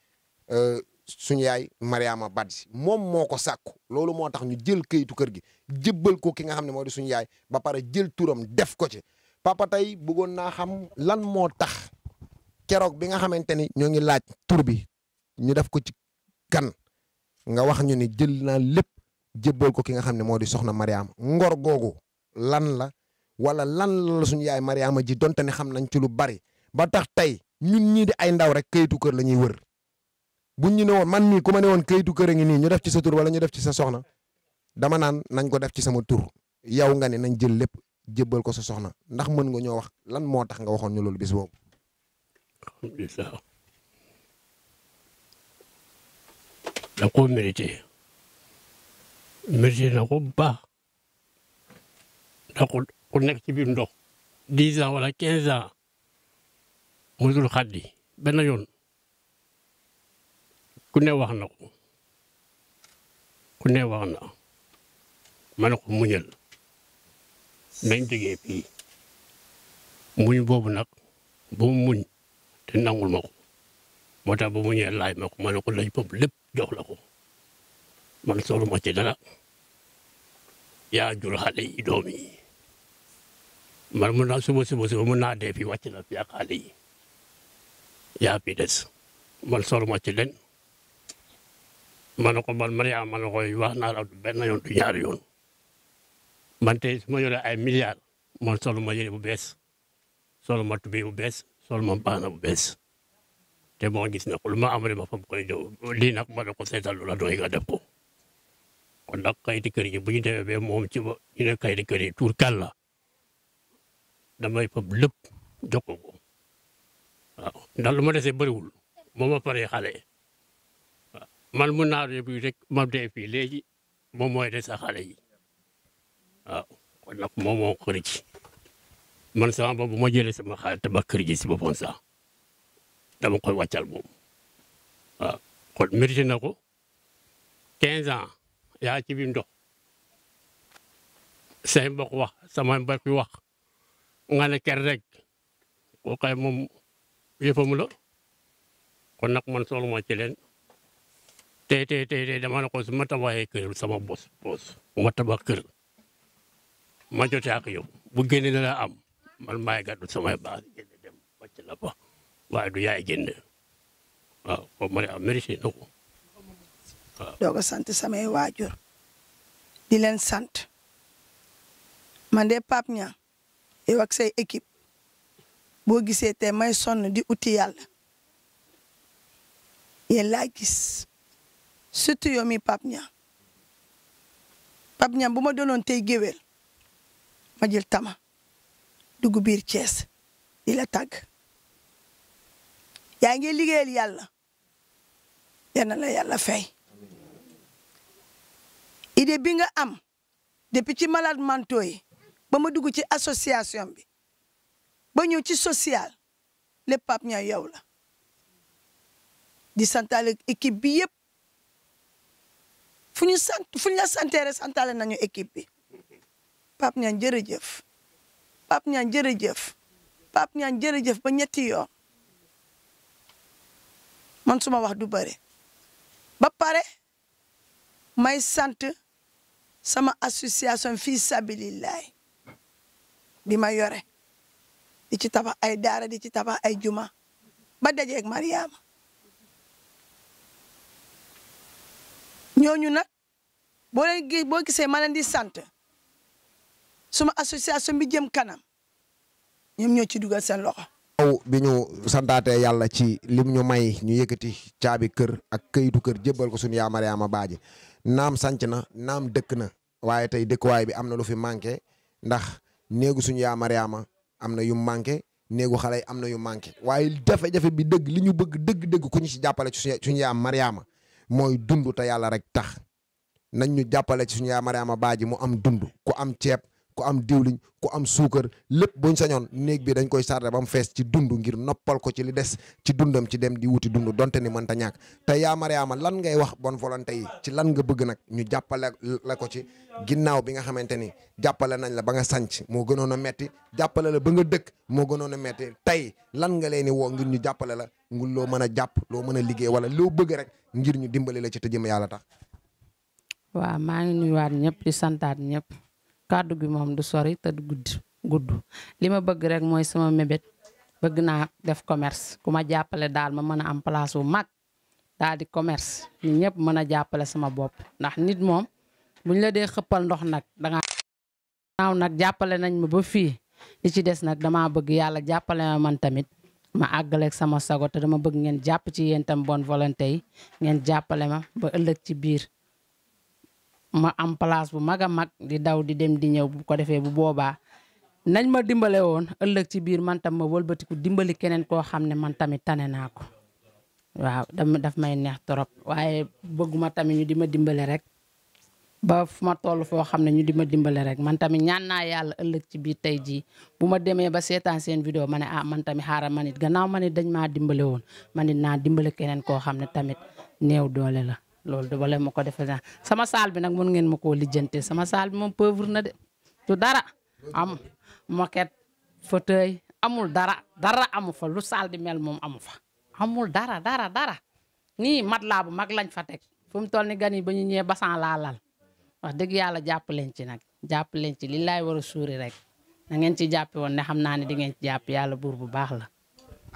euh, suñu yaay Mariama Badji moom moo ko sàkku loolu moo tax ñu jël këyitu kër gi jébbal ko ki nga xam ne moo di suñu yaay ba pare jël turam def ko ci papa tey bëggoon naa xam lan moo tax keroog bi nga xamante ni ñoo ngi laaj tur bi ñu def ko ci kan nga wax ñu ni jël naa lépp Jebol ko ki nga xamne modi di soxna mariam ngor gogo lan la wala lan la suñu yaay Mariama ji donte ne xam ci lu bari ba tax tay ñun ñi di ay ndaw rek kayitu keur la wër buñ ñu neewon man mii kuma neewon ne keur ngi nii ñu def ci sa tour wala ñu def ci sa soxna dama naan nañ ko def ci sama tour yaw nga ne nañ jël lepp jébbal ko sa soxna ndax mën nga ñoo wax lan mo tax nga waxon ñu loolu bis boobu. alhamdulilah. mérité. mesurer na ko bu baax ndax ku nekk ci biir ndox dix ans wala quinze ans musul xaddi benn yoon ku ne wax na ko ku ne wax na ma ne ko muñal nañ jógee fii muñ boobu nag ba mu muñ te nangul ma ko moo tax ba muñee laaj ma ko ma ne ko lañ foofu lépp jox la ko man solu ma ci dara yaa jur xale yi doom yi man mun naa suba suba suba mun naa dee fi wàcc na fi ak xale yaa fi des man solu ma ci len ma ne ko man Mariama ma ne ko wax naa la du benn yoon du man tey su ma yore ay milliards man solu ma yére bu bees solu ma tubéy bu bees solu ma bu bees te moo gis na ko lu ma amale ma fa mu koy lii nag ma ne ko seetal lu la doo nga def ko kon nag kayiti kër yi bu ñu demee ba moom ci ba ñu ne kër yi tuur kàll la damay fab lépp jox ko waaw ndax lu ma desee bëriwul moo ma paree xale man mun naa dee rek ma dee fii léegi moom mooy des a xale yi waaw kon nag moom moo kër gi man sama bopp bu ma jëlee sama xaalis te ba kër gi si boppam sax dama koy wàccal moom waaw kon mérité na ko 15 ans. yaa ci biir ndox say mbokk wax sama mbokk wax nga ne ker rek koo xam moom yëfam la kon nag man soxla ma ci leen tey tey tey tey dama ne ko su ma tabaxee kër sama bos bos ma tabax kër ma jotee ak yow bu génne dana am man maay gàddu samay baax génne dem la fa du yaay génne waaw comme ma ne ah, na ko doog a sant samay waajur di leen sant man de Pape Niang yow ak say équipe boo gisee te may sonn di uti yàlla yéen laa gis surtout yow mi Pape Niang Pape Niang bu ma doonoon tey géwél ma jël tama dugg biir Thiès di la tàgg yaa ngi liggéeyal yàlla yal na la yàlla fay idée bi nga am depuis ci malade yi ba ma dugg ci association bi ba ñëw ci social lépp Pape Niang yow la di santaale équipe bi yëpp fu ñu sant fu ñu la santeere santaale nañu équipe bi Pape Niang jërëjëf Pape Niang jërëjëf Pape Niang jërëjëf ba ñetti yoon man suma wax du bare ba pare may sant sama association fii sabilillahi bi ma yore di ci taba ay daara di ci tabax ay juma ba dajeeg Mariama ñooñu na boo leen boo gisee ma leen di sant suma association bi jëm kanam ñoom ñoo ci dugal seen loxo. aw bi ñu santaate yàlla ci lim ñu may ñu yëkkati caabi kër ak këyitu kër jébbal ko suñu yaa Mariama Baaji naam sanc na naam dëkk na waaye tey dëkkuwaay bi am na lu fi manqué ndax néegu suñu yaa Mariama am na yu manqué néegu xale am na yu manqué waaye jafe-jafe bi dëgg li ñu bëgg dëgg-dëgg ku ñu ci jàppale ci suñu yaa Mariama mooy dund te yàlla rek tax nañ ñu jàppale ci suñu yaa Mariama baaji mu am dund ku am ceeb ku am diwliñ ku am suukar lépp buñ sañoon néeg bi dañ koy sarde ba mu fees ci dund ngir noppal ko ci li des ci dundam ci dem di wuti dund donte ni mënta ñàkk te yaa Mariama lan ngay wax bonne volonté yi ci lan nga bëgg nag ñu jàppale la ko ci ginnaaw bi nga xamante ni jàppale nañ la ba nga sanc moo gënoon a metti jàppale la ba nga dëkk moo gënoon a metti tey lan nga leen di woo ngir ñu jàppale la ngir loo mën a jàpp loo mën a liggéey wala loo bëgg rek ngir ñu dimbali la ci te jëm yàlla tax waaw maa ngi nuyuwaat ñëpp di santaat kàddu gi moom du sori te du gudd gudd lima bëgg rek moy sama mebet bëgg na def commerce kuma jappalé dal ma mëna am place wu mag dal di commerce ñi ñëpp mëna jappalé sama bop ndax nit mom, buñ la dé xëppal ndox da danga naw nak jappalé nañ ma ba fi li ci des nak dama bëgg yalla jappalé ma man tamit ma agalek sama sago te dama bëgg ngeen japp ci yentam tam bonne volonté ngeen jappalé ma ba ëlëk ci biir ma am place bu mag a mag di daw di dem di ñëw bu ko defee bu boobaa nañ ma dimbale woon ëllëg ci biir man tam ma wëlbatiku dimbali keneen koo xam ne man tamit tane naa ko waaw daf may neex trop waaye bëgguma tamit ñu di ma dimbale rek ba fu ma toll foo xam ne ñu di ma dimbale rek man tamit ñaan naa yàlla ëllëg ci biir tey jii bu ma demee ba seetaan seen vidéo ma ne ah man tamit xaaral man it gannaaw ma ne dañ maa dimbale woon man it naa dimbale keneen koo xam ne tamit néew doole la. loolu du bale ma ko defee naa sama saal bi nag mën ngeen ma koo lijjantee sama saal bi moom pauvre na de du dara am moquette fauteuil amul dara dara amu fa lu saal di mel moom amu fa amul dara dara dara nii matelas bu mag lañ fa teg fu mu toll ni gani yi ba ñu ñëwee basan laa lal wax dëgg yàlla jàpp leen ci nag jàpp leen ci li laay war a suuri rek na ngeen ci jàppee woon ne xam naa ne di ngeen ci jàpp yàlla buur bu baax la.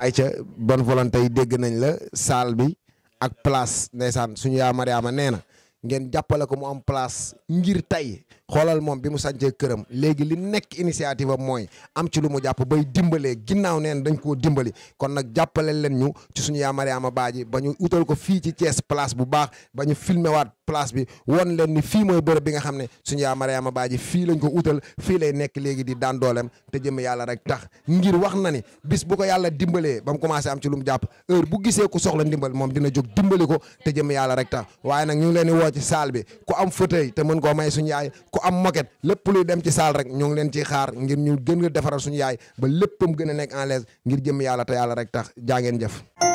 ayca bonne volonté yi dégg nañ la saal bi. ak place ndeysaan suñu yaa Mariama nee na ngeen jàppale ko mu am place ngir tey xoolal moom bi mu sàncee këram léegi li nekk initiative am mooy am ci lu mu jàpp bay dimbalee ginnaaw neen dañ koo dimbali kon nag jàppale leen ñu ci suñu yaa Baaji ba ñu utal ko fii ci Thiès place bu baax ba ñu filmé place bi won leen ni fii mooy bërëb bi nga xam ne suñu yaa Mariama Baaji fii lañ ko utal fii lay nekk léegi di daan dooleem te jëm yàlla rek tax ngir wax na ni bis bu ko yàlla dimbalee ba mu commencé am ci lu mu jàpp heure bu gisee ku soxla ndimbal moom dina jóg dimbali ko te jëm yàlla rek tax waaye nag ñu leen di woo ci salle bi ku am fauteuil te may suñu yaay am moquette lépp luy dem ci saal rek ñu ngi leen ci xaar ngir ñu gën a defaral suñu yaay ba léppam gën a nekk en l'aise ngir jëm yàlla te yàlla rek tax jaangeen ngeen